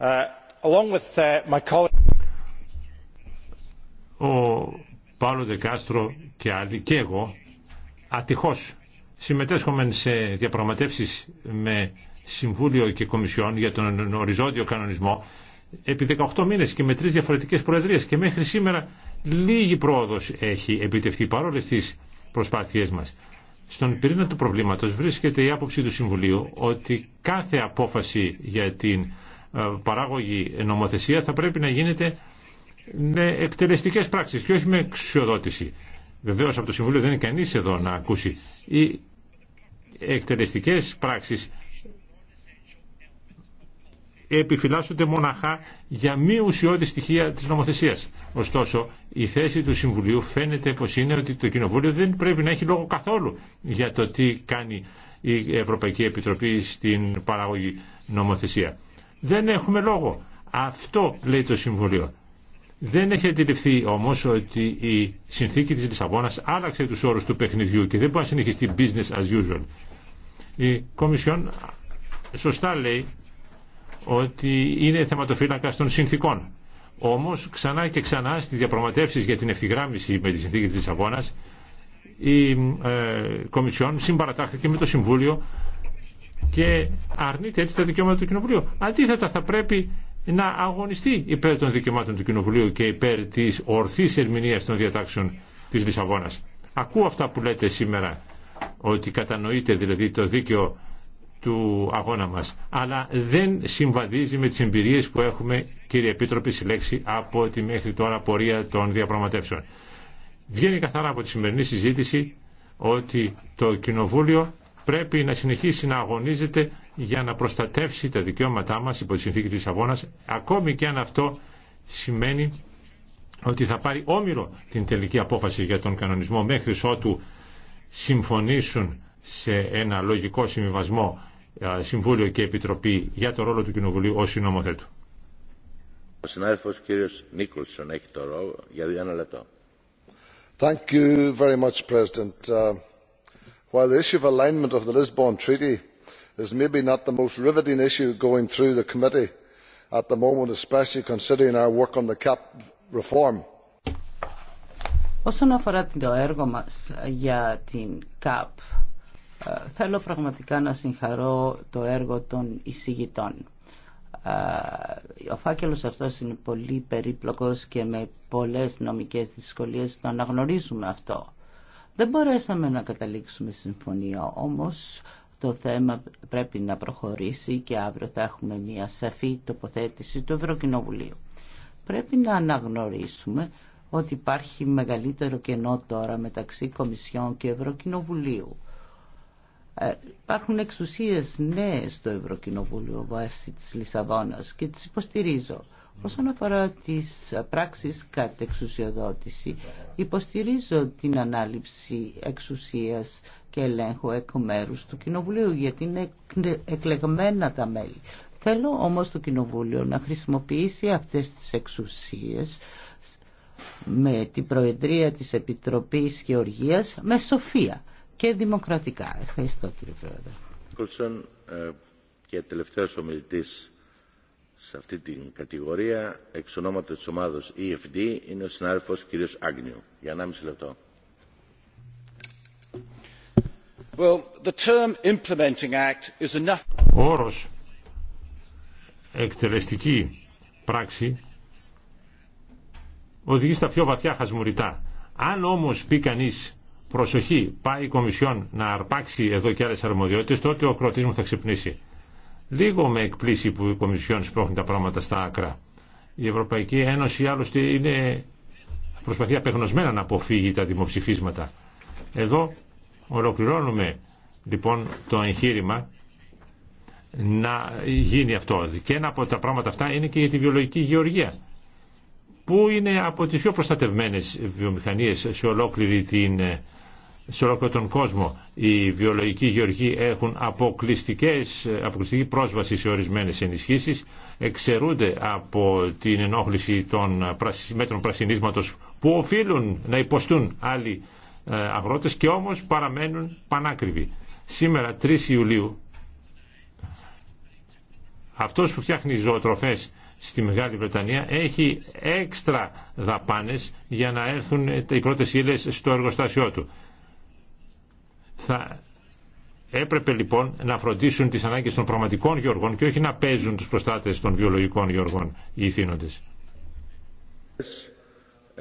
Uh, along with uh, my colleague... Ο Πάλο Δεκάστρο και άλλοι και εγώ ατυχώς συμμετέσχομεν σε διαπραγματεύσεις με Συμβούλιο και Κομισιόν για τον οριζόντιο κανονισμό επί 18 μήνες και με τρεις διαφορετικές προεδρίες και μέχρι σήμερα λίγη πρόοδος έχει επιτευχθεί παρόλες τις προσπάθειές μας. Στον πυρήνα του προβλήματος βρίσκεται η άποψη του Συμβουλίου ότι κάθε απόφαση για την ε, παράγωγη νομοθεσία θα πρέπει να γίνεται με εκτελεστικές πράξεις και όχι με εξουσιοδότηση. Βεβαίως από το Συμβούλιο δεν είναι κανείς εδώ να ακούσει. Οι εκτελεστικές πράξεις επιφυλάσσονται μοναχά για μη ουσιώδη στοιχεία της νομοθεσίας. Ωστόσο, η θέση του Συμβουλίου φαίνεται πως είναι ότι το Κοινοβούλιο δεν πρέπει να έχει λόγο καθόλου για το τι κάνει η Ευρωπαϊκή Επιτροπή στην παραγωγή νομοθεσία. Δεν έχουμε λόγο. Αυτό λέει το Συμβουλίο. Δεν έχει αντιληφθεί όμως ότι η συνθήκη της Λισαβόνας άλλαξε τους όρους του παιχνιδιού και δεν μπορεί να συνεχιστεί business as usual. Η Κομισιόν σωστά λέει ότι είναι θεματοφύλακα των συνθήκων. Όμω, ξανά και ξανά στι διαπραγματεύσει για την ευθυγράμμιση με τη συνθήκη τη Λισαβόνα, η ε, Κομισιόν συμπαρατάχθηκε με το Συμβούλιο και αρνείται έτσι τα δικαιώματα του Κοινοβουλίου. Αντίθετα θα πρέπει να αγωνιστεί υπέρ των δικαιωμάτων του Κοινοβουλίου και υπέρ τη ορθή ερμηνεία των διατάξεων τη Λισαβόνα. Ακούω αυτά που λέτε σήμερα, ότι κατανοείτε δηλαδή το δίκαιο του αγώνα μας. Αλλά δεν συμβαδίζει με τις εμπειρίες που έχουμε, κύριε Επίτροπη, συλλέξει από τη μέχρι τώρα πορεία των διαπραγματεύσεων. Βγαίνει καθαρά από τη σημερινή συζήτηση ότι το Κοινοβούλιο πρέπει να συνεχίσει να αγωνίζεται για να προστατεύσει τα δικαιώματά μας υπό τη συνθήκη της αγώνας, ακόμη και αν αυτό σημαίνει ότι θα πάρει όμοιρο την τελική απόφαση για τον κανονισμό μέχρι ότου συμφωνήσουν σε ένα λογικό συμβιβασμό Συμβούλιο και Επιτροπή για το ρόλο του Κοινοβουλίου ως συνομοθέτου. Ο συνάδελφος κύριος Νίκολσον έχει το ρόλο για δύο λεπτό. Thank you very much, President. Uh, while the issue of alignment of the Lisbon Treaty is maybe not the most riveting issue going through the committee at the moment, especially considering our work on the CAP reform. Όσον αφορά το έργο μας για την CAP Θέλω πραγματικά να συγχαρώ το έργο των εισηγητών. Ο φάκελος αυτός είναι πολύ περίπλοκος και με πολλές νομικές δυσκολίες το αναγνωρίζουμε αυτό. Δεν μπορέσαμε να καταλήξουμε συμφωνία, όμως το θέμα πρέπει να προχωρήσει και αύριο θα έχουμε μια σαφή τοποθέτηση του Ευρωκοινοβουλίου. Πρέπει να αναγνωρίσουμε ότι υπάρχει μεγαλύτερο κενό τώρα μεταξύ Κομισιόν και Ευρωκοινοβουλίου. Ε, υπάρχουν εξουσίες νέες στο Ευρωκοινοβούλιο βάσει της Λισαβόνας και τις υποστηρίζω. Όσον αφορά τις πράξεις κατ' εξουσιοδότηση, υποστηρίζω την ανάληψη εξουσίας και ελέγχου εκ μέρους του Κοινοβουλίου, γιατί είναι εκλεγμένα τα μέλη. Θέλω όμως το Κοινοβούλιο να χρησιμοποιήσει αυτές τις εξουσίες με την Προεδρία της Επιτροπής Γεωργίας με σοφία και δημοκρατικά. Ευχαριστώ κύριε Πρόεδρε. Κολσον ε, και τελευταίο ομιλητής σε αυτή την κατηγορία εξ ονόματος της ομάδος EFD είναι ο συνάδελφος κύριος Άγνιου. Για 1,5 λεπτό. Well, the term implementing act is enough. Ο όρος εκτελεστική πράξη οδηγεί στα πιο βαθιά χασμουριτά. Αν όμως πει κανείς προσοχή, πάει η Κομισιόν να αρπάξει εδώ και άλλε αρμοδιότητε, τότε ο κροτισμός μου θα ξυπνήσει. Λίγο με εκπλήσει που η Κομισιόν σπρώχνει τα πράγματα στα άκρα. Η Ευρωπαϊκή Ένωση άλλωστε είναι, προσπαθεί απεγνωσμένα να αποφύγει τα δημοψηφίσματα. Εδώ ολοκληρώνουμε λοιπόν το εγχείρημα να γίνει αυτό. Και ένα από τα πράγματα αυτά είναι και για τη βιολογική γεωργία που είναι από τις πιο προστατευμένες βιομηχανίες σε ολόκληρη την ε, σε όλο τον κόσμο. Οι βιολογικοί γεωργοί έχουν αποκλειστικές, αποκλειστική πρόσβαση σε ορισμένες ενισχύσεις, εξαιρούνται από την ενόχληση των μέτρων πρασινίσματος που οφείλουν να υποστούν άλλοι ε, αγρότες και όμως παραμένουν πανάκριβοι. Σήμερα 3 Ιουλίου αυτός που φτιάχνει ζωοτροφές στη Μεγάλη Βρετανία έχει έξτρα δαπάνες για να έρθουν οι πρώτες ύλες στο εργοστάσιό του. Θα έπρεπε λοιπόν να φροντίσουν τις ανάγκες των πραγματικών γεωργών και όχι να παίζουν τους προστάτες των βιολογικών γεωργών οι ηθήνοντες.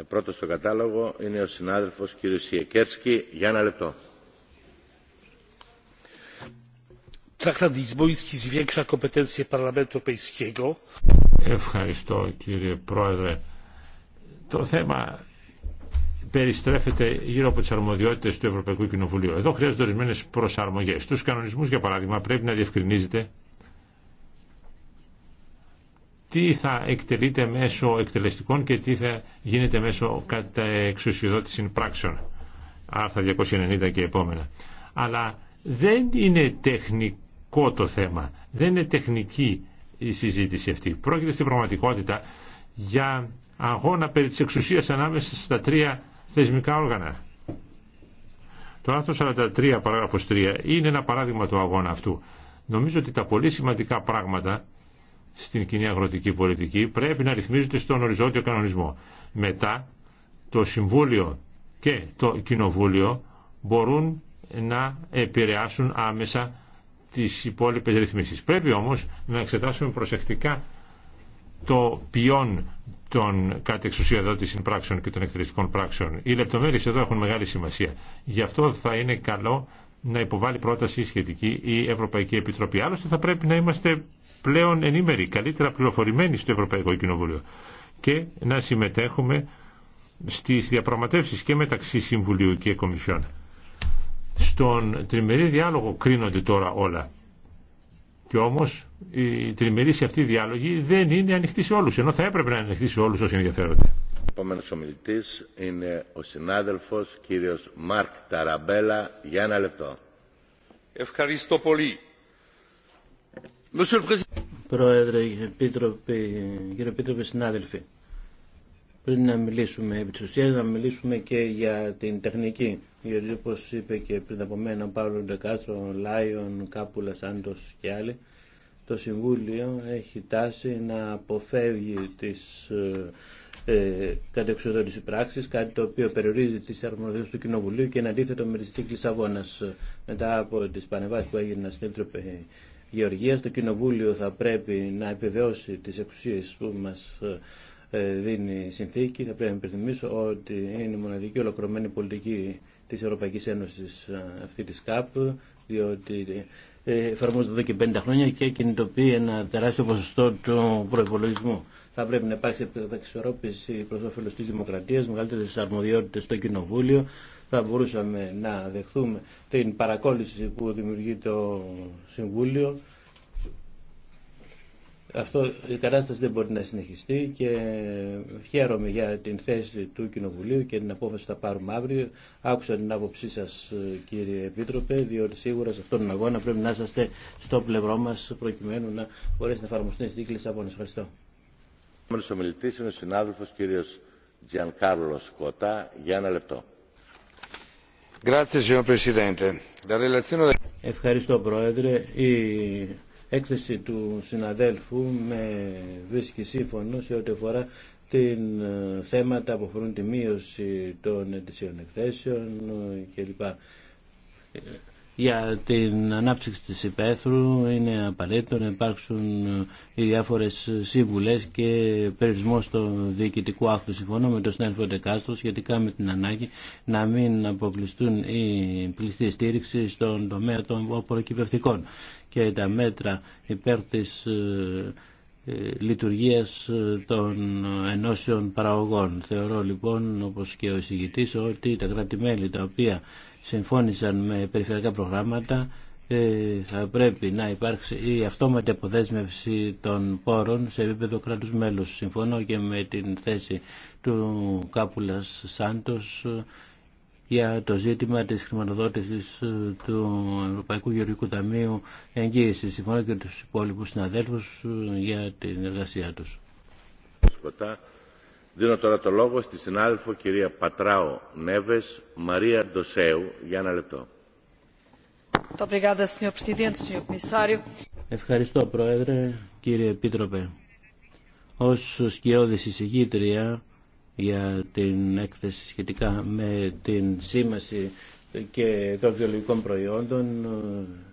Πρώτος στο κατάλογο είναι ο συνάδελφος κ. Σιεκέρσκι για ένα λεπτό. Ευχαριστώ κύριε Πρόεδρε. Το θέμα περιστρέφεται γύρω από τι αρμοδιότητε του Ευρωπαϊκού Κοινοβουλίου. Εδώ χρειάζονται ορισμένε προσαρμογέ. Στου κανονισμού, για παράδειγμα, πρέπει να διευκρινίζεται τι θα εκτελείται μέσω εκτελεστικών και τι θα γίνεται μέσω κατά εξουσιοδότηση πράξεων. Άρθρα 290 και επόμενα. Αλλά δεν είναι τεχνικό το θέμα. Δεν είναι τεχνική η συζήτηση αυτή. Πρόκειται στην πραγματικότητα για αγώνα περί της εξουσίας ανάμεσα στα τρία θεσμικά όργανα. Το άρθρο 43 παράγραφος 3 είναι ένα παράδειγμα του αγώνα αυτού. Νομίζω ότι τα πολύ σημαντικά πράγματα στην κοινή αγροτική πολιτική πρέπει να ρυθμίζονται στον οριζόντιο κανονισμό. Μετά το Συμβούλιο και το Κοινοβούλιο μπορούν να επηρεάσουν άμεσα τις υπόλοιπες ρυθμίσεις. Πρέπει όμως να εξετάσουμε προσεκτικά το ποιόν των κατεξουσιοδότησης πράξεων και των εκτελεστικών πράξεων. Οι λεπτομέρειες εδώ έχουν μεγάλη σημασία. Γι' αυτό θα είναι καλό να υποβάλει πρόταση σχετική η Ευρωπαϊκή Επιτροπή. Άλλωστε θα πρέπει να είμαστε πλέον ενήμεροι, καλύτερα πληροφορημένοι στο Ευρωπαϊκό Κοινοβούλιο και να συμμετέχουμε στις διαπραγματεύσεις και μεταξύ Συμβουλίου και Κομισιόν. Στον τριμερή διάλογο κρίνονται τώρα όλα. Και όμως η τριμερή αυτή διάλογη δεν είναι ανοιχτή σε όλου, ενώ θα έπρεπε να είναι ανοιχτή σε όλου όσοι ενδιαφέρονται. Ο Επόμενος ομιλητής είναι ο συνάδελφο κύριο Μάρκ Ταραμπέλα για ένα λεπτό. Ευχαριστώ πολύ. Πρόεδρε, κύριε Επίτροπε, συνάδελφοι, πριν να μιλήσουμε επί της ουσίας, να μιλήσουμε και για την τεχνική. Γιατί όπως είπε και πριν από μένα ο Παύλο Ντεκάστρο, Λάιον, Κάπουλα, Σάντος και άλλοι, το Συμβούλιο έχει τάση να αποφεύγει τις ε, ε κατεξοδότηση κάτι το οποίο περιορίζει τις αρμοδιότητες του Κοινοβουλίου και είναι αντίθετο με τη συνθήκη αγώνας Μετά από τις πανεβάσεις που έγιναν στην Επιτροπή Γεωργίας, το Κοινοβούλιο θα πρέπει να επιβεβαιώσει τις εξουσίες που μας ε, δίνει η συνθήκη. Θα πρέπει να υπενθυμίσω ότι είναι η μοναδική ολοκληρωμένη πολιτική της Ευρωπαϊκής Ένωσης ε, αυτή της ΚΑΠ, διότι ε, εφαρμόζεται εδώ και 50 χρόνια και κινητοποιεί ένα τεράστιο ποσοστό του προπολογισμού. Θα πρέπει να υπάρξει επεξορρόπηση προ όφελο τη δημοκρατία, μεγαλύτερε αρμοδιότητε στο κοινοβούλιο. Θα μπορούσαμε να δεχθούμε την παρακόλληση που δημιουργεί το Συμβούλιο αυτό η κατάσταση δεν μπορεί να συνεχιστεί και χαίρομαι για την θέση του Κοινοβουλίου και την απόφαση που θα πάρουμε αύριο. Άκουσα την άποψή σα, κύριε Επίτροπε, διότι σίγουρα σε αυτόν τον αγώνα πρέπει να είσαστε στο πλευρό μα προκειμένου να μπορέσει να εφαρμοστεί στην κλίση από Ευχαριστώ. Ο ομιλητή Ευχαριστώ, Πρόεδρε έκθεση του συναδέλφου με βρίσκει σύμφωνο σε ό,τι αφορά την ε, θέματα που αφορούν τη μείωση των ετησίων εκθέσεων ε, κλπ. Ε, για την ανάπτυξη της υπαίθρου είναι απαραίτητο να υπάρξουν ε, οι διάφορες σύμβουλες και περιορισμό στο διοικητικό άκτου Συμφωνώ με τον συνάδελφο Ντεκάστρο σχετικά με την ανάγκη να μην αποκλειστούν οι πληστή στήριξη στον τομέα των προκυπευτικών και τα μέτρα υπέρ της ε, ε, λειτουργίας των ενώσεων παραγωγών. Θεωρώ λοιπόν, όπως και ο εισηγητής, ότι τα κράτη-μέλη τα οποία συμφώνησαν με περιφερειακά προγράμματα ε, θα πρέπει να υπάρξει η αυτόματη αποδέσμευση των πόρων σε επίπεδο κράτους μέλους. Συμφωνώ και με την θέση του Κάπουλας Σάντος ε, για το ζήτημα της χρηματοδότησης ε, του Ευρωπαϊκού Γεωργικού Ταμείου Εγγύηση. Συμφωνώ και τους υπόλοιπους συναδέλφους για την εργασία τους. Δίνω τώρα το λόγο στη συνάδελφο κυρία Πατράο Νέβες Μαρία Ντοσέου για ένα λεπτό. Ευχαριστώ Πρόεδρε, κύριε Επίτροπε. Ως σκιώδης εισηγήτρια για την έκθεση σχετικά με την σήμαση και των βιολογικών προϊόντων.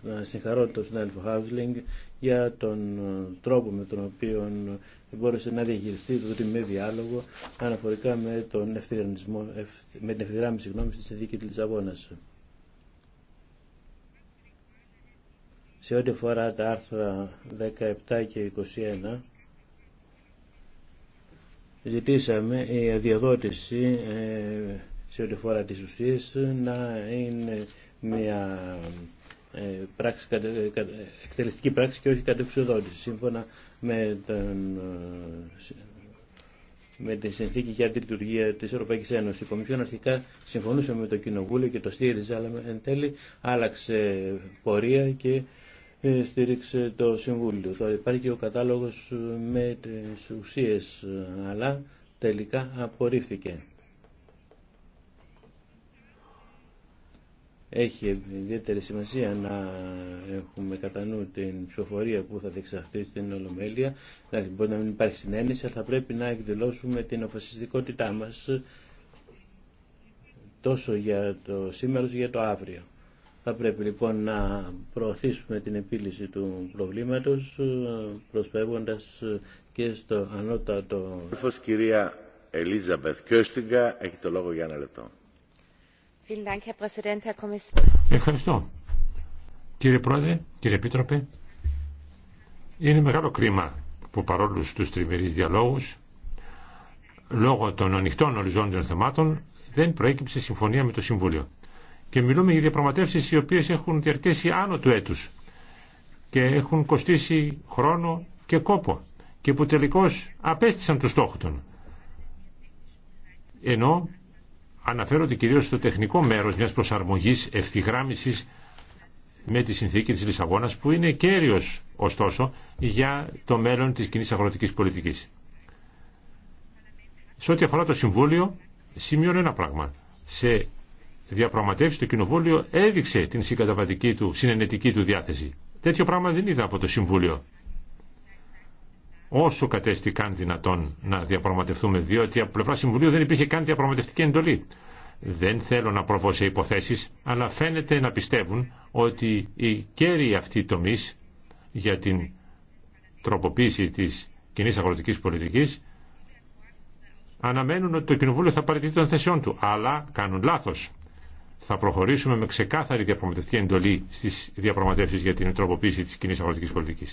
Να συγχαρώ τον συνάδελφο Χάουσλινγκ για τον τρόπο με τον οποίο μπόρεσε να διαχειριστεί το τριμμένο διάλογο αναφορικά με, τον με την ευθυγράμμιση γνώμη στη συνθήκη τη Λισαβόνα. Σε ό,τι αφορά τα άρθρα 17 και 21, ζητήσαμε η αδειοδότηση ε, σε ό,τι φορά τις ουσίες να είναι μια ε, πράξη, ε, εκτελεστική πράξη και όχι κατεξοδότηση σύμφωνα με, τον, ε, με τη συνθήκη για τη λειτουργία της Ευρωπαϊκής Ένωσης. Η Κομισιόν αρχικά συμφωνούσε με το Κοινοβούλιο και το στήριζε, αλλά εν τέλει άλλαξε πορεία και στήριξε το Συμβούλιο. Τώρα υπάρχει και ο κατάλογος με τις ουσίες, αλλά τελικά απορρίφθηκε. έχει ιδιαίτερη σημασία να έχουμε κατά νου την ψηφοφορία που θα διεξαχθεί στην Ολομέλεια. Δηλαδή, μπορεί να μην υπάρχει συνένεση, αλλά θα πρέπει να εκδηλώσουμε την αποφασιστικότητά μας τόσο για το σήμερα όσο για το αύριο. Θα πρέπει λοιπόν να προωθήσουμε την επίλυση του προβλήματος προσπεύοντας και στο ανώτατο... Κυρία Ελίζαμπεθ Κιώστιγκα έχει το λόγο για ένα λεπτό. Ευχαριστώ. Κύριε Πρόεδρε, κύριε Επίτροπε, είναι μεγάλο κρίμα που παρόλου του τριμερείς διαλόγους λόγω των ανοιχτών οριζόντιων θεμάτων, δεν προέκυψε συμφωνία με το Συμβούλιο. Και μιλούμε για διαπραγματεύσεις οι οποίες έχουν διαρκέσει άνω του έτους και έχουν κοστίσει χρόνο και κόπο και που τελικώς απέστησαν του στόχου των. Ενώ αναφέρονται κυρίως στο τεχνικό μέρος μιας προσαρμογής ευθυγράμμισης με τη συνθήκη της Λισαβόνας που είναι κέριος ωστόσο για το μέλλον της κοινή αγροτικής πολιτικής. Σε ό,τι αφορά το Συμβούλιο, σημειώνω ένα πράγμα. Σε διαπραγματεύσει το Κοινοβούλιο έδειξε την συγκαταβατική του, συνενετική του διάθεση. Τέτοιο πράγμα δεν είδα από το Συμβούλιο όσο κατέστη καν δυνατόν να διαπραγματευτούμε, διότι από πλευρά Συμβουλίου δεν υπήρχε καν διαπραγματευτική εντολή. Δεν θέλω να προβώ σε υποθέσει, αλλά φαίνεται να πιστεύουν ότι η κέρυοι αυτή τομή για την τροποποίηση τη κοινή αγροτική πολιτική αναμένουν ότι το Κοινοβούλιο θα παραιτηθεί των θέσεών του, αλλά κάνουν λάθο, Θα προχωρήσουμε με ξεκάθαρη διαπραγματευτική εντολή στι διαπραγματεύσει για την τροποποίηση τη κοινή αγροτική πολιτική.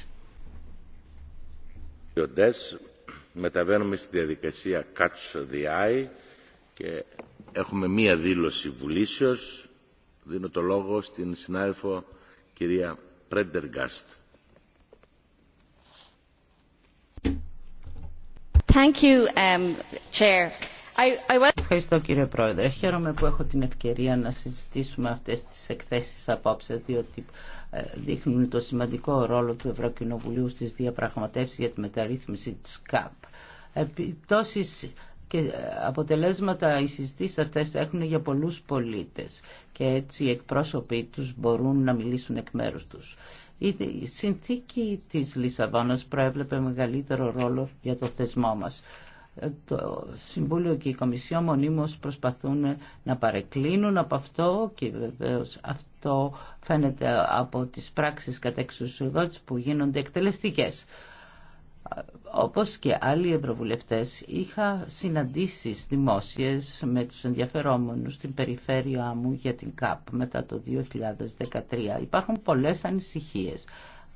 Διοντές. Μεταβαίνουμε στη διαδικασία Catch the Eye και έχουμε μία δήλωση βουλήσεως. Δίνω το λόγο στην συνάδελφο κυρία Πρέντεργκάστ. Thank um, Ευχαριστώ κύριε Πρόεδρε. Χαίρομαι που έχω την ευκαιρία να συζητήσουμε αυτές τις εκθέσεις απόψε, διότι ε, δείχνουν το σημαντικό ρόλο του Ευρωκοινοβουλίου στις διαπραγματεύσεις για τη μεταρρύθμιση της ΚΑΠ. Επιπτώσεις και ε, αποτελέσματα οι συζητήσεις αυτές έχουν για πολλούς πολίτες και έτσι οι εκπρόσωποι τους μπορούν να μιλήσουν εκ μέρους τους. Η συνθήκη της Λισαβόνας προέβλεπε μεγαλύτερο ρόλο για το θεσμό μας το Συμβούλιο και η Κομισιό μονίμως προσπαθούν να παρεκκλίνουν από αυτό και βεβαίω αυτό φαίνεται από τις πράξεις κατά εξουσιοδότης που γίνονται εκτελεστικές. Όπως και άλλοι ευρωβουλευτές είχα συναντήσεις δημόσιες με τους ενδιαφερόμενους στην περιφέρεια μου για την ΚΑΠ μετά το 2013. Υπάρχουν πολλές ανησυχίες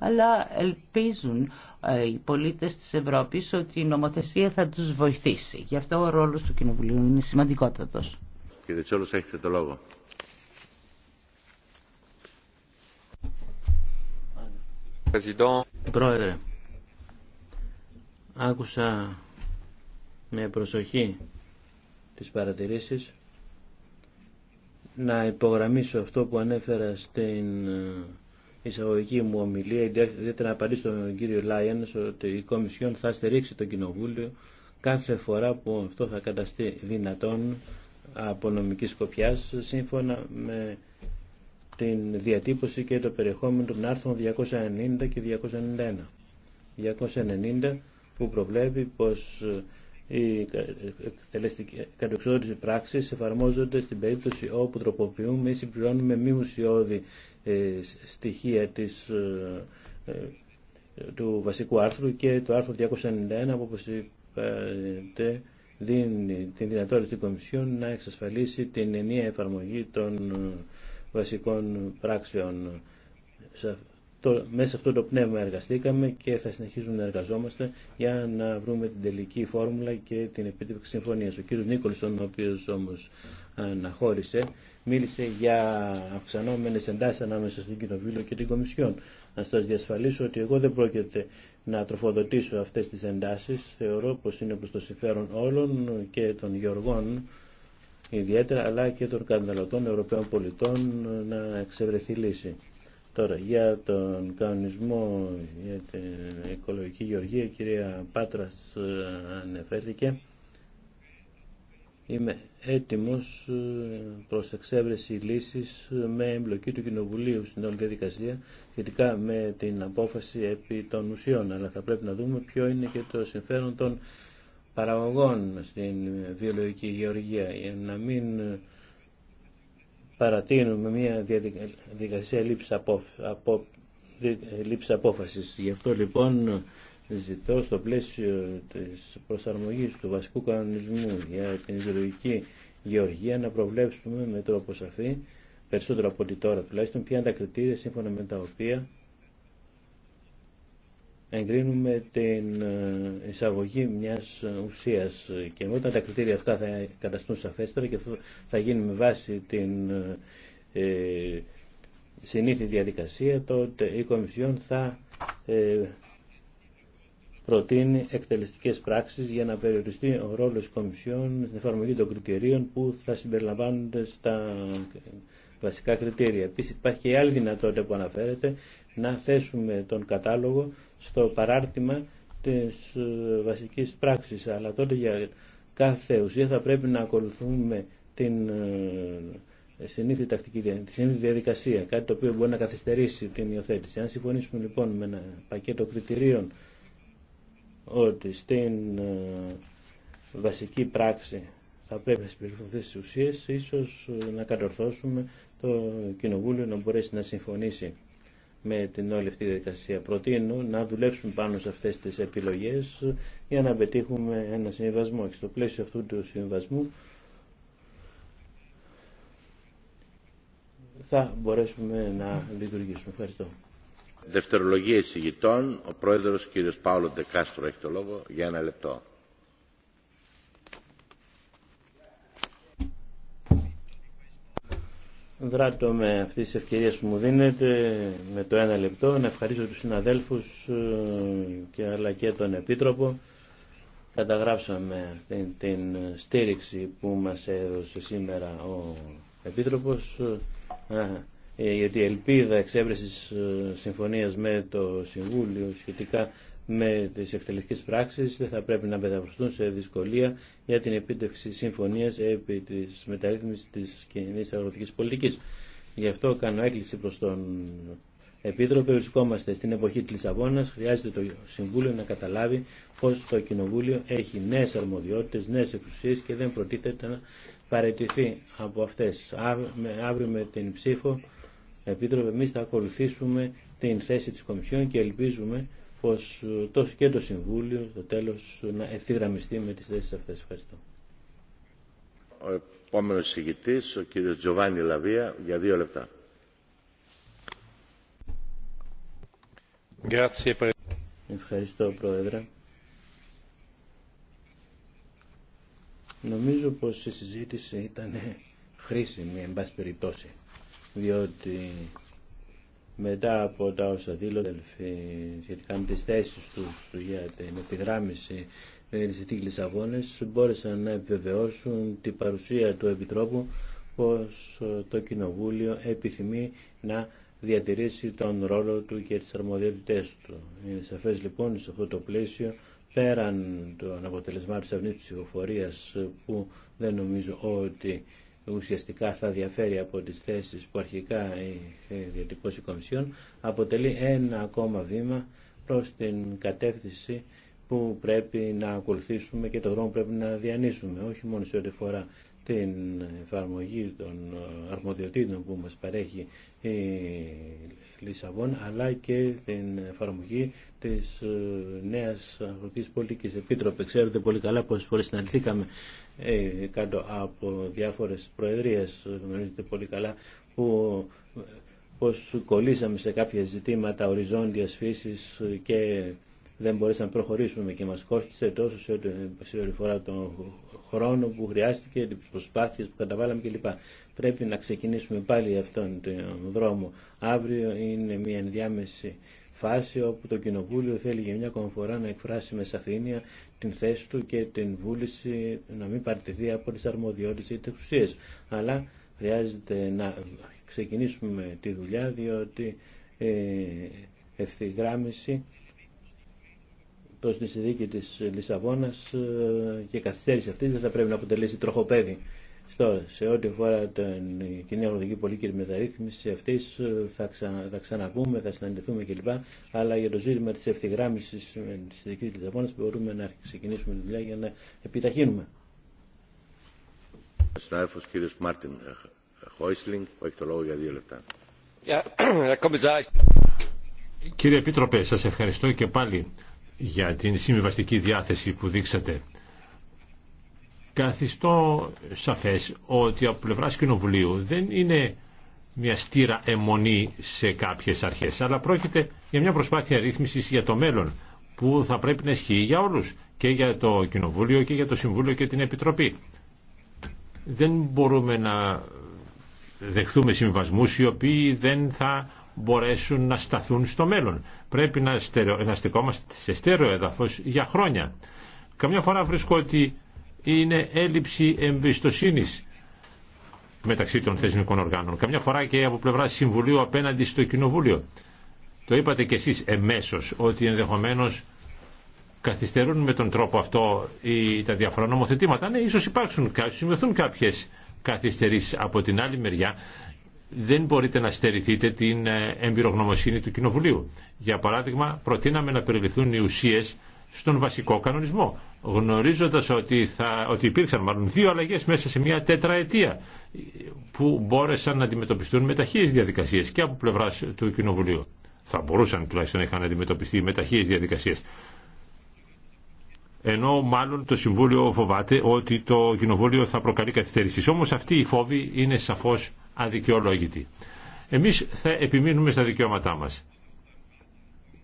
αλλά ελπίζουν ε, οι πολίτες της Ευρώπης ότι η νομοθεσία θα τους βοηθήσει. Γι' αυτό ο ρόλος του Κοινοβουλίου είναι σημαντικότατος. Κύριε Τσόλος, έχετε το λόγο. Πρόεδρε, άκουσα με προσοχή τις παρατηρήσεις να υπογραμμίσω αυτό που ανέφερα στην ε, εισαγωγική μου ομιλία, ιδιαίτερα να απαντήσω τον κύριο Λάιεν ότι η Κομισιόν θα στηρίξει το Κοινοβούλιο κάθε φορά που αυτό θα καταστεί δυνατόν από νομική σκοπιά σύμφωνα με την διατύπωση και το περιεχόμενο των άρθρων 290 και 291. 290 που προβλέπει πως οι κατεξόδοτες πράξεις εφαρμόζονται στην περίπτωση όπου τροποποιούμε ή συμπληρώνουμε μη ουσιώδη ε, στοιχεία της, ε, ε, του βασικού άρθρου και το άρθρο 291 που όπως είπατε δίνει την δυνατότητα στην Κομισιόν να εξασφαλίσει την ενιαία εφαρμογή των βασικών πράξεων το, μέσα σε αυτό το πνεύμα εργαστήκαμε και θα συνεχίζουμε να εργαζόμαστε για να βρούμε την τελική φόρμουλα και την επίτευξη συμφωνία. Ο κύριος Νίκολσον, ο οποίο όμως αναχώρησε, μίλησε για αυξανόμενες εντάσεις ανάμεσα στην Κοινοβούλιο και την Κομισιόν. Να σας διασφαλίσω ότι εγώ δεν πρόκειται να τροφοδοτήσω αυτές τις εντάσεις. Θεωρώ πως είναι προς το συμφέρον όλων και των γεωργών ιδιαίτερα, αλλά και των καταναλωτών Ευρωπαίων πολιτών να εξευρεθεί λύση. Τώρα, για τον κανονισμό για την οικολογική γεωργία, κυρία Πάτρας ε, ανεφέρθηκε. Είμαι έτοιμος ε, προς εξέβρεση λύσης ε, με εμπλοκή του Κοινοβουλίου στην όλη διαδικασία σχετικά με την απόφαση επί των ουσιών. Αλλά θα πρέπει να δούμε ποιο είναι και το συμφέρον των παραγωγών στην βιολογική γεωργία για να μην παρατείνουμε μια διαδικασία λήψη απο, από... απόφασης. Γι' αυτό λοιπόν ζητώ στο πλαίσιο της προσαρμογής του βασικού κανονισμού για την ιδεολογική γεωργία να προβλέψουμε με τρόπο σαφή, περισσότερο από ό,τι τώρα τουλάχιστον, ποια είναι τα κριτήρια σύμφωνα με τα οποία εγκρίνουμε την ε, εισαγωγή μιας ουσίας και όταν τα κριτήρια αυτά θα καταστούν σαφέστερα και θα γίνει με βάση την ε, ε διαδικασία τότε η Κομισιόν θα ε, προτείνει εκτελεστικές πράξεις για να περιοριστεί ο ρόλος Κομισιόν στην εφαρμογή των κριτηρίων που θα συμπεριλαμβάνονται στα βασικά κριτήρια. Επίσης υπάρχει και η άλλη δυνατότητα που αναφέρεται να θέσουμε τον κατάλογο στο παράρτημα της ε, βασικής πράξης. Αλλά τότε για κάθε ουσία θα πρέπει να ακολουθούμε την ε, συνήθη τακτική τη συνήθεια διαδικασία, κάτι το οποίο μπορεί να καθυστερήσει την υιοθέτηση. Αν συμφωνήσουμε λοιπόν με ένα πακέτο κριτηρίων ότι στην ε, βασική πράξη θα πρέπει να συμπεριφερθεί στις ουσίες, ίσως να κατορθώσουμε το Κοινοβούλιο να μπορέσει να συμφωνήσει με την όλη αυτή τη διαδικασία. Προτείνω να δουλέψουμε πάνω σε αυτές τις επιλογές για να πετύχουμε ένα συμβιβασμό. Και στο πλαίσιο αυτού του συμβιβασμού θα μπορέσουμε να λειτουργήσουμε. Ευχαριστώ. Δευτερολογία εισηγητών, ο πρόεδρος κ. Παύλο Ντεκάστρο έχει το λόγο για ένα λεπτό. Δράτω με αυτή τη ευκαιρία που μου δίνετε με το ένα λεπτό να ευχαρίσω τους συναδέλφους ε, και αλλά και τον Επίτροπο. Καταγράψαμε την, την στήριξη που μας έδωσε σήμερα ο Επίτροπος. Ε, ε, γιατί η ελπίδα εξέβρεση ε, συμφωνία με το Συμβούλιο σχετικά με τι εκτελεστικέ πράξει, δεν θα πρέπει να μεταφραστούν σε δυσκολία για την επίτευξη συμφωνία επί τη μεταρρύθμιση τη κοινή αγροτική πολιτικής. Γι' αυτό κάνω έκκληση προ τον Επίτροπε. Βρισκόμαστε στην εποχή τη Λισαβόνα. Χρειάζεται το Συμβούλιο να καταλάβει πω το Κοινοβούλιο έχει νέε αρμοδιότητε, νέε εξουσίε και δεν προτίθεται να παρετηθεί από αυτές. Αύριο με την ψήφο Επίτροπε, εμεί θα ακολουθήσουμε την θέση τη Κομισιόν και ελπίζουμε πω ε, τόσο και το Συμβούλιο στο τέλο να ευθυγραμμιστεί με τι θέσει αυτέ. Ευχαριστώ. Ο επόμενο ηγητή, ο κύριος Τζοβάνι Λαβία, για δύο λεπτά. Ευχαριστώ, Πρόεδρε. Νομίζω πως η συζήτηση ήταν χρήσιμη, εν πάση περιπτώσει διότι μετά από τα όσα αδελφοί σχετικά με τις θέσεις τους για την επιγράμμιση της αγώνες μπόρεσαν να επιβεβαιώσουν την παρουσία του Επιτρόπου πως το Κοινοβούλιο επιθυμεί να διατηρήσει τον ρόλο του και τις αρμοδιότητές του. Είναι σαφές λοιπόν σε αυτό το πλαίσιο πέραν των αποτελεσμάτων της αυνής ψηφοφορίας που δεν νομίζω ότι ουσιαστικά θα διαφέρει από τις θέσεις που αρχικά είχε διατυπώσει η Κομισιόν, αποτελεί ένα ακόμα βήμα προς την κατεύθυνση που πρέπει να ακολουθήσουμε και το δρόμο πρέπει να διανύσουμε, όχι μόνο σε ό,τι φορά την εφαρμογή των ε, αρμοδιοτήτων που μας παρέχει η Λισαβόν αλλά και την εφαρμογή της ε, νέας αγροτικής πολιτικής επίτροπε. Ξέρετε πολύ καλά πόσες φορές συναντηθήκαμε ε, κάτω από διάφορες προεδρίες γνωρίζετε πολύ καλά που πως κολλήσαμε σε κάποια ζητήματα οριζόντιας φύσης και δεν μπορέσαμε να προχωρήσουμε και μας κόστισε τόσο σε ό,τι φορά τον χρόνο που χρειάστηκε, τι προσπάθειε που καταβάλαμε κλπ. Πρέπει να ξεκινήσουμε πάλι αυτόν τον δρόμο. Αύριο είναι μια ενδιάμεση φάση όπου το Κοινοβούλιο θέλει για μια ακόμα φορά να εκφράσει με σαφήνεια την θέση του και την βούληση να μην παρτιθεί από τι αρμοδιότητες ή τις εξουσίες. Αλλά χρειάζεται να ξεκινήσουμε τη δουλειά διότι ε, ευθυγράμμιση προς τη συνδίκη της Λισαβόνας ε, και η καθυστέρηση αυτή δεν θα πρέπει να αποτελέσει τροχοπέδι. σε ό,τι αφορά την κοινή αγροτική πολιτική μεταρρύθμιση αυτή, ε, θα, ξα... θα ξαναπούμε, θα συναντηθούμε κλπ. Αλλά για το ζήτημα τη ευθυγράμμιση τη δική τη Λισαβόνα μπορούμε να ξεκινήσουμε τη δουλειά για να επιταχύνουμε. Συνάδελφο κύριο Μάρτιν Χόισλινγκ, που έχει το λόγο για δύο λεπτά. Κύριε Επίτροπε, σας ευχαριστώ και πάλι για την συμβιβαστική διάθεση που δείξατε. Καθιστώ σαφές ότι από πλευρά Κοινοβουλίου δεν είναι μια στήρα αιμονή σε κάποιες αρχές, αλλά πρόκειται για μια προσπάθεια ρύθμισης για το μέλλον που θα πρέπει να ισχύει για όλους, και για το Κοινοβούλιο και για το Συμβούλιο και την Επιτροπή. Δεν μπορούμε να δεχθούμε συμβασμούς οι οποίοι δεν θα μπορέσουν να σταθούν στο μέλλον. Πρέπει να, στερεο, να στεκόμαστε σε στέρεο έδαφος για χρόνια. Καμιά φορά βρίσκω ότι είναι έλλειψη εμπιστοσύνης μεταξύ των θεσμικών οργάνων. Καμιά φορά και από πλευρά Συμβουλίου απέναντι στο Κοινοβούλιο. Το είπατε κι εσείς εμέσως ότι ενδεχομένως καθυστερούν με τον τρόπο αυτό τα διαφορά νομοθετήματα. Ναι, ίσως υπάρξουν, σημειωθούν κάποιες καθυστερήσεις από την άλλη μεριά δεν μπορείτε να στερηθείτε την ε, εμπειρογνωμοσύνη του Κοινοβουλίου. Για παράδειγμα, προτείναμε να περιληφθούν οι ουσίε στον βασικό κανονισμό, γνωρίζοντας ότι, θα, ότι υπήρξαν μάλλον δύο αλλαγέ μέσα σε μια τετραετία που μπόρεσαν να αντιμετωπιστούν με ταχύε διαδικασίε και από πλευρά του Κοινοβουλίου. Θα μπορούσαν τουλάχιστον να είχαν αντιμετωπιστεί με ταχύε διαδικασίες ενώ μάλλον το Συμβούλιο φοβάται ότι το Κοινοβούλιο θα προκαλεί καθυστέρηση. Όμως αυτή η φόβη είναι σαφώς αδικαιολόγητη. Εμείς θα επιμείνουμε στα δικαιώματά μας.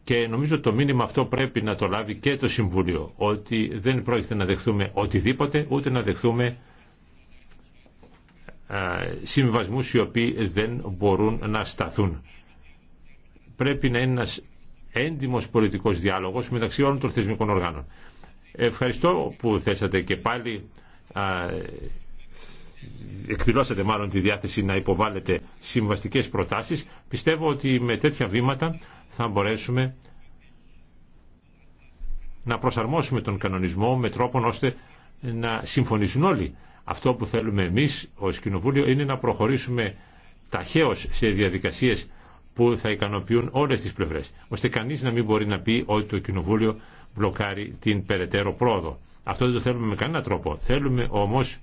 Και νομίζω το μήνυμα αυτό πρέπει να το λάβει και το Συμβούλιο, ότι δεν πρόκειται να δεχθούμε οτιδήποτε, ούτε να δεχθούμε συμβασμούς οι οποίοι δεν μπορούν να σταθούν. Πρέπει να είναι ένας έντιμος πολιτικός διάλογος μεταξύ όλων των θεσμικών οργάνων. Ευχαριστώ που θέσατε και πάλι, α, εκδηλώσατε μάλλον τη διάθεση να υποβάλλετε συμβαστικές προτάσεις. Πιστεύω ότι με τέτοια βήματα θα μπορέσουμε να προσαρμόσουμε τον κανονισμό με τρόπον ώστε να συμφωνήσουν όλοι. Αυτό που θέλουμε εμείς ως Κοινοβούλιο είναι να προχωρήσουμε ταχαίως σε διαδικασίες που θα ικανοποιούν όλες τις πλευρές, ώστε κανείς να μην μπορεί να πει ότι το Κοινοβούλιο μπλοκάρει την περαιτέρω πρόοδο. Αυτό δεν το θέλουμε με κανένα τρόπο. Θέλουμε όμως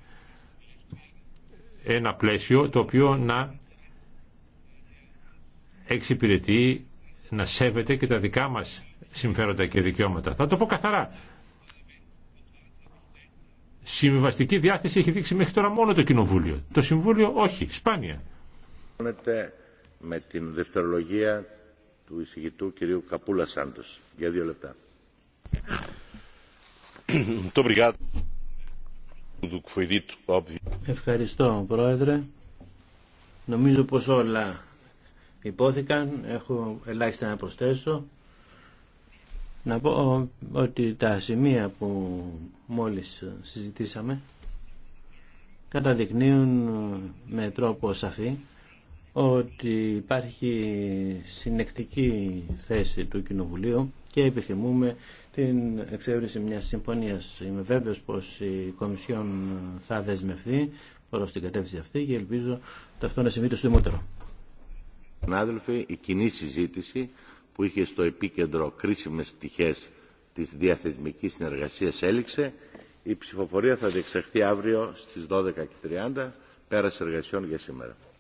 ένα πλαίσιο το οποίο να εξυπηρετεί, να σέβεται και τα δικά μας συμφέροντα και δικαιώματα. Θα το πω καθαρά. Συμβιβαστική διάθεση έχει δείξει μέχρι τώρα μόνο το Κοινοβούλιο. Το Συμβούλιο όχι, σπάνια. Με την δευτερολογία του εισηγητού κυρίου Καπούλα Σάντος. Για δύο λεπτά. Ευχαριστώ, Πρόεδρε. Νομίζω πως όλα υπόθηκαν. Έχω ελάχιστα να προσθέσω. Να πω ότι τα σημεία που μόλις συζητήσαμε καταδεικνύουν με τρόπο σαφή ότι υπάρχει συνεκτική θέση του Κοινοβουλίου και επιθυμούμε την εξέβριση μιας συμφωνίας. Είμαι βέβαιος πως η Κομισιόν θα δεσμευτεί προς την κατεύθυνση αυτή και ελπίζω το αυτό να συμβεί το συντομότερο. Συνάδελφοι, η κοινή συζήτηση που είχε στο επίκεντρο κρίσιμες πτυχές της διαθεσμικής συνεργασίας έληξε. Η ψηφοφορία θα διεξαχθεί αύριο στις 12.30 πέρας εργασιών για σήμερα.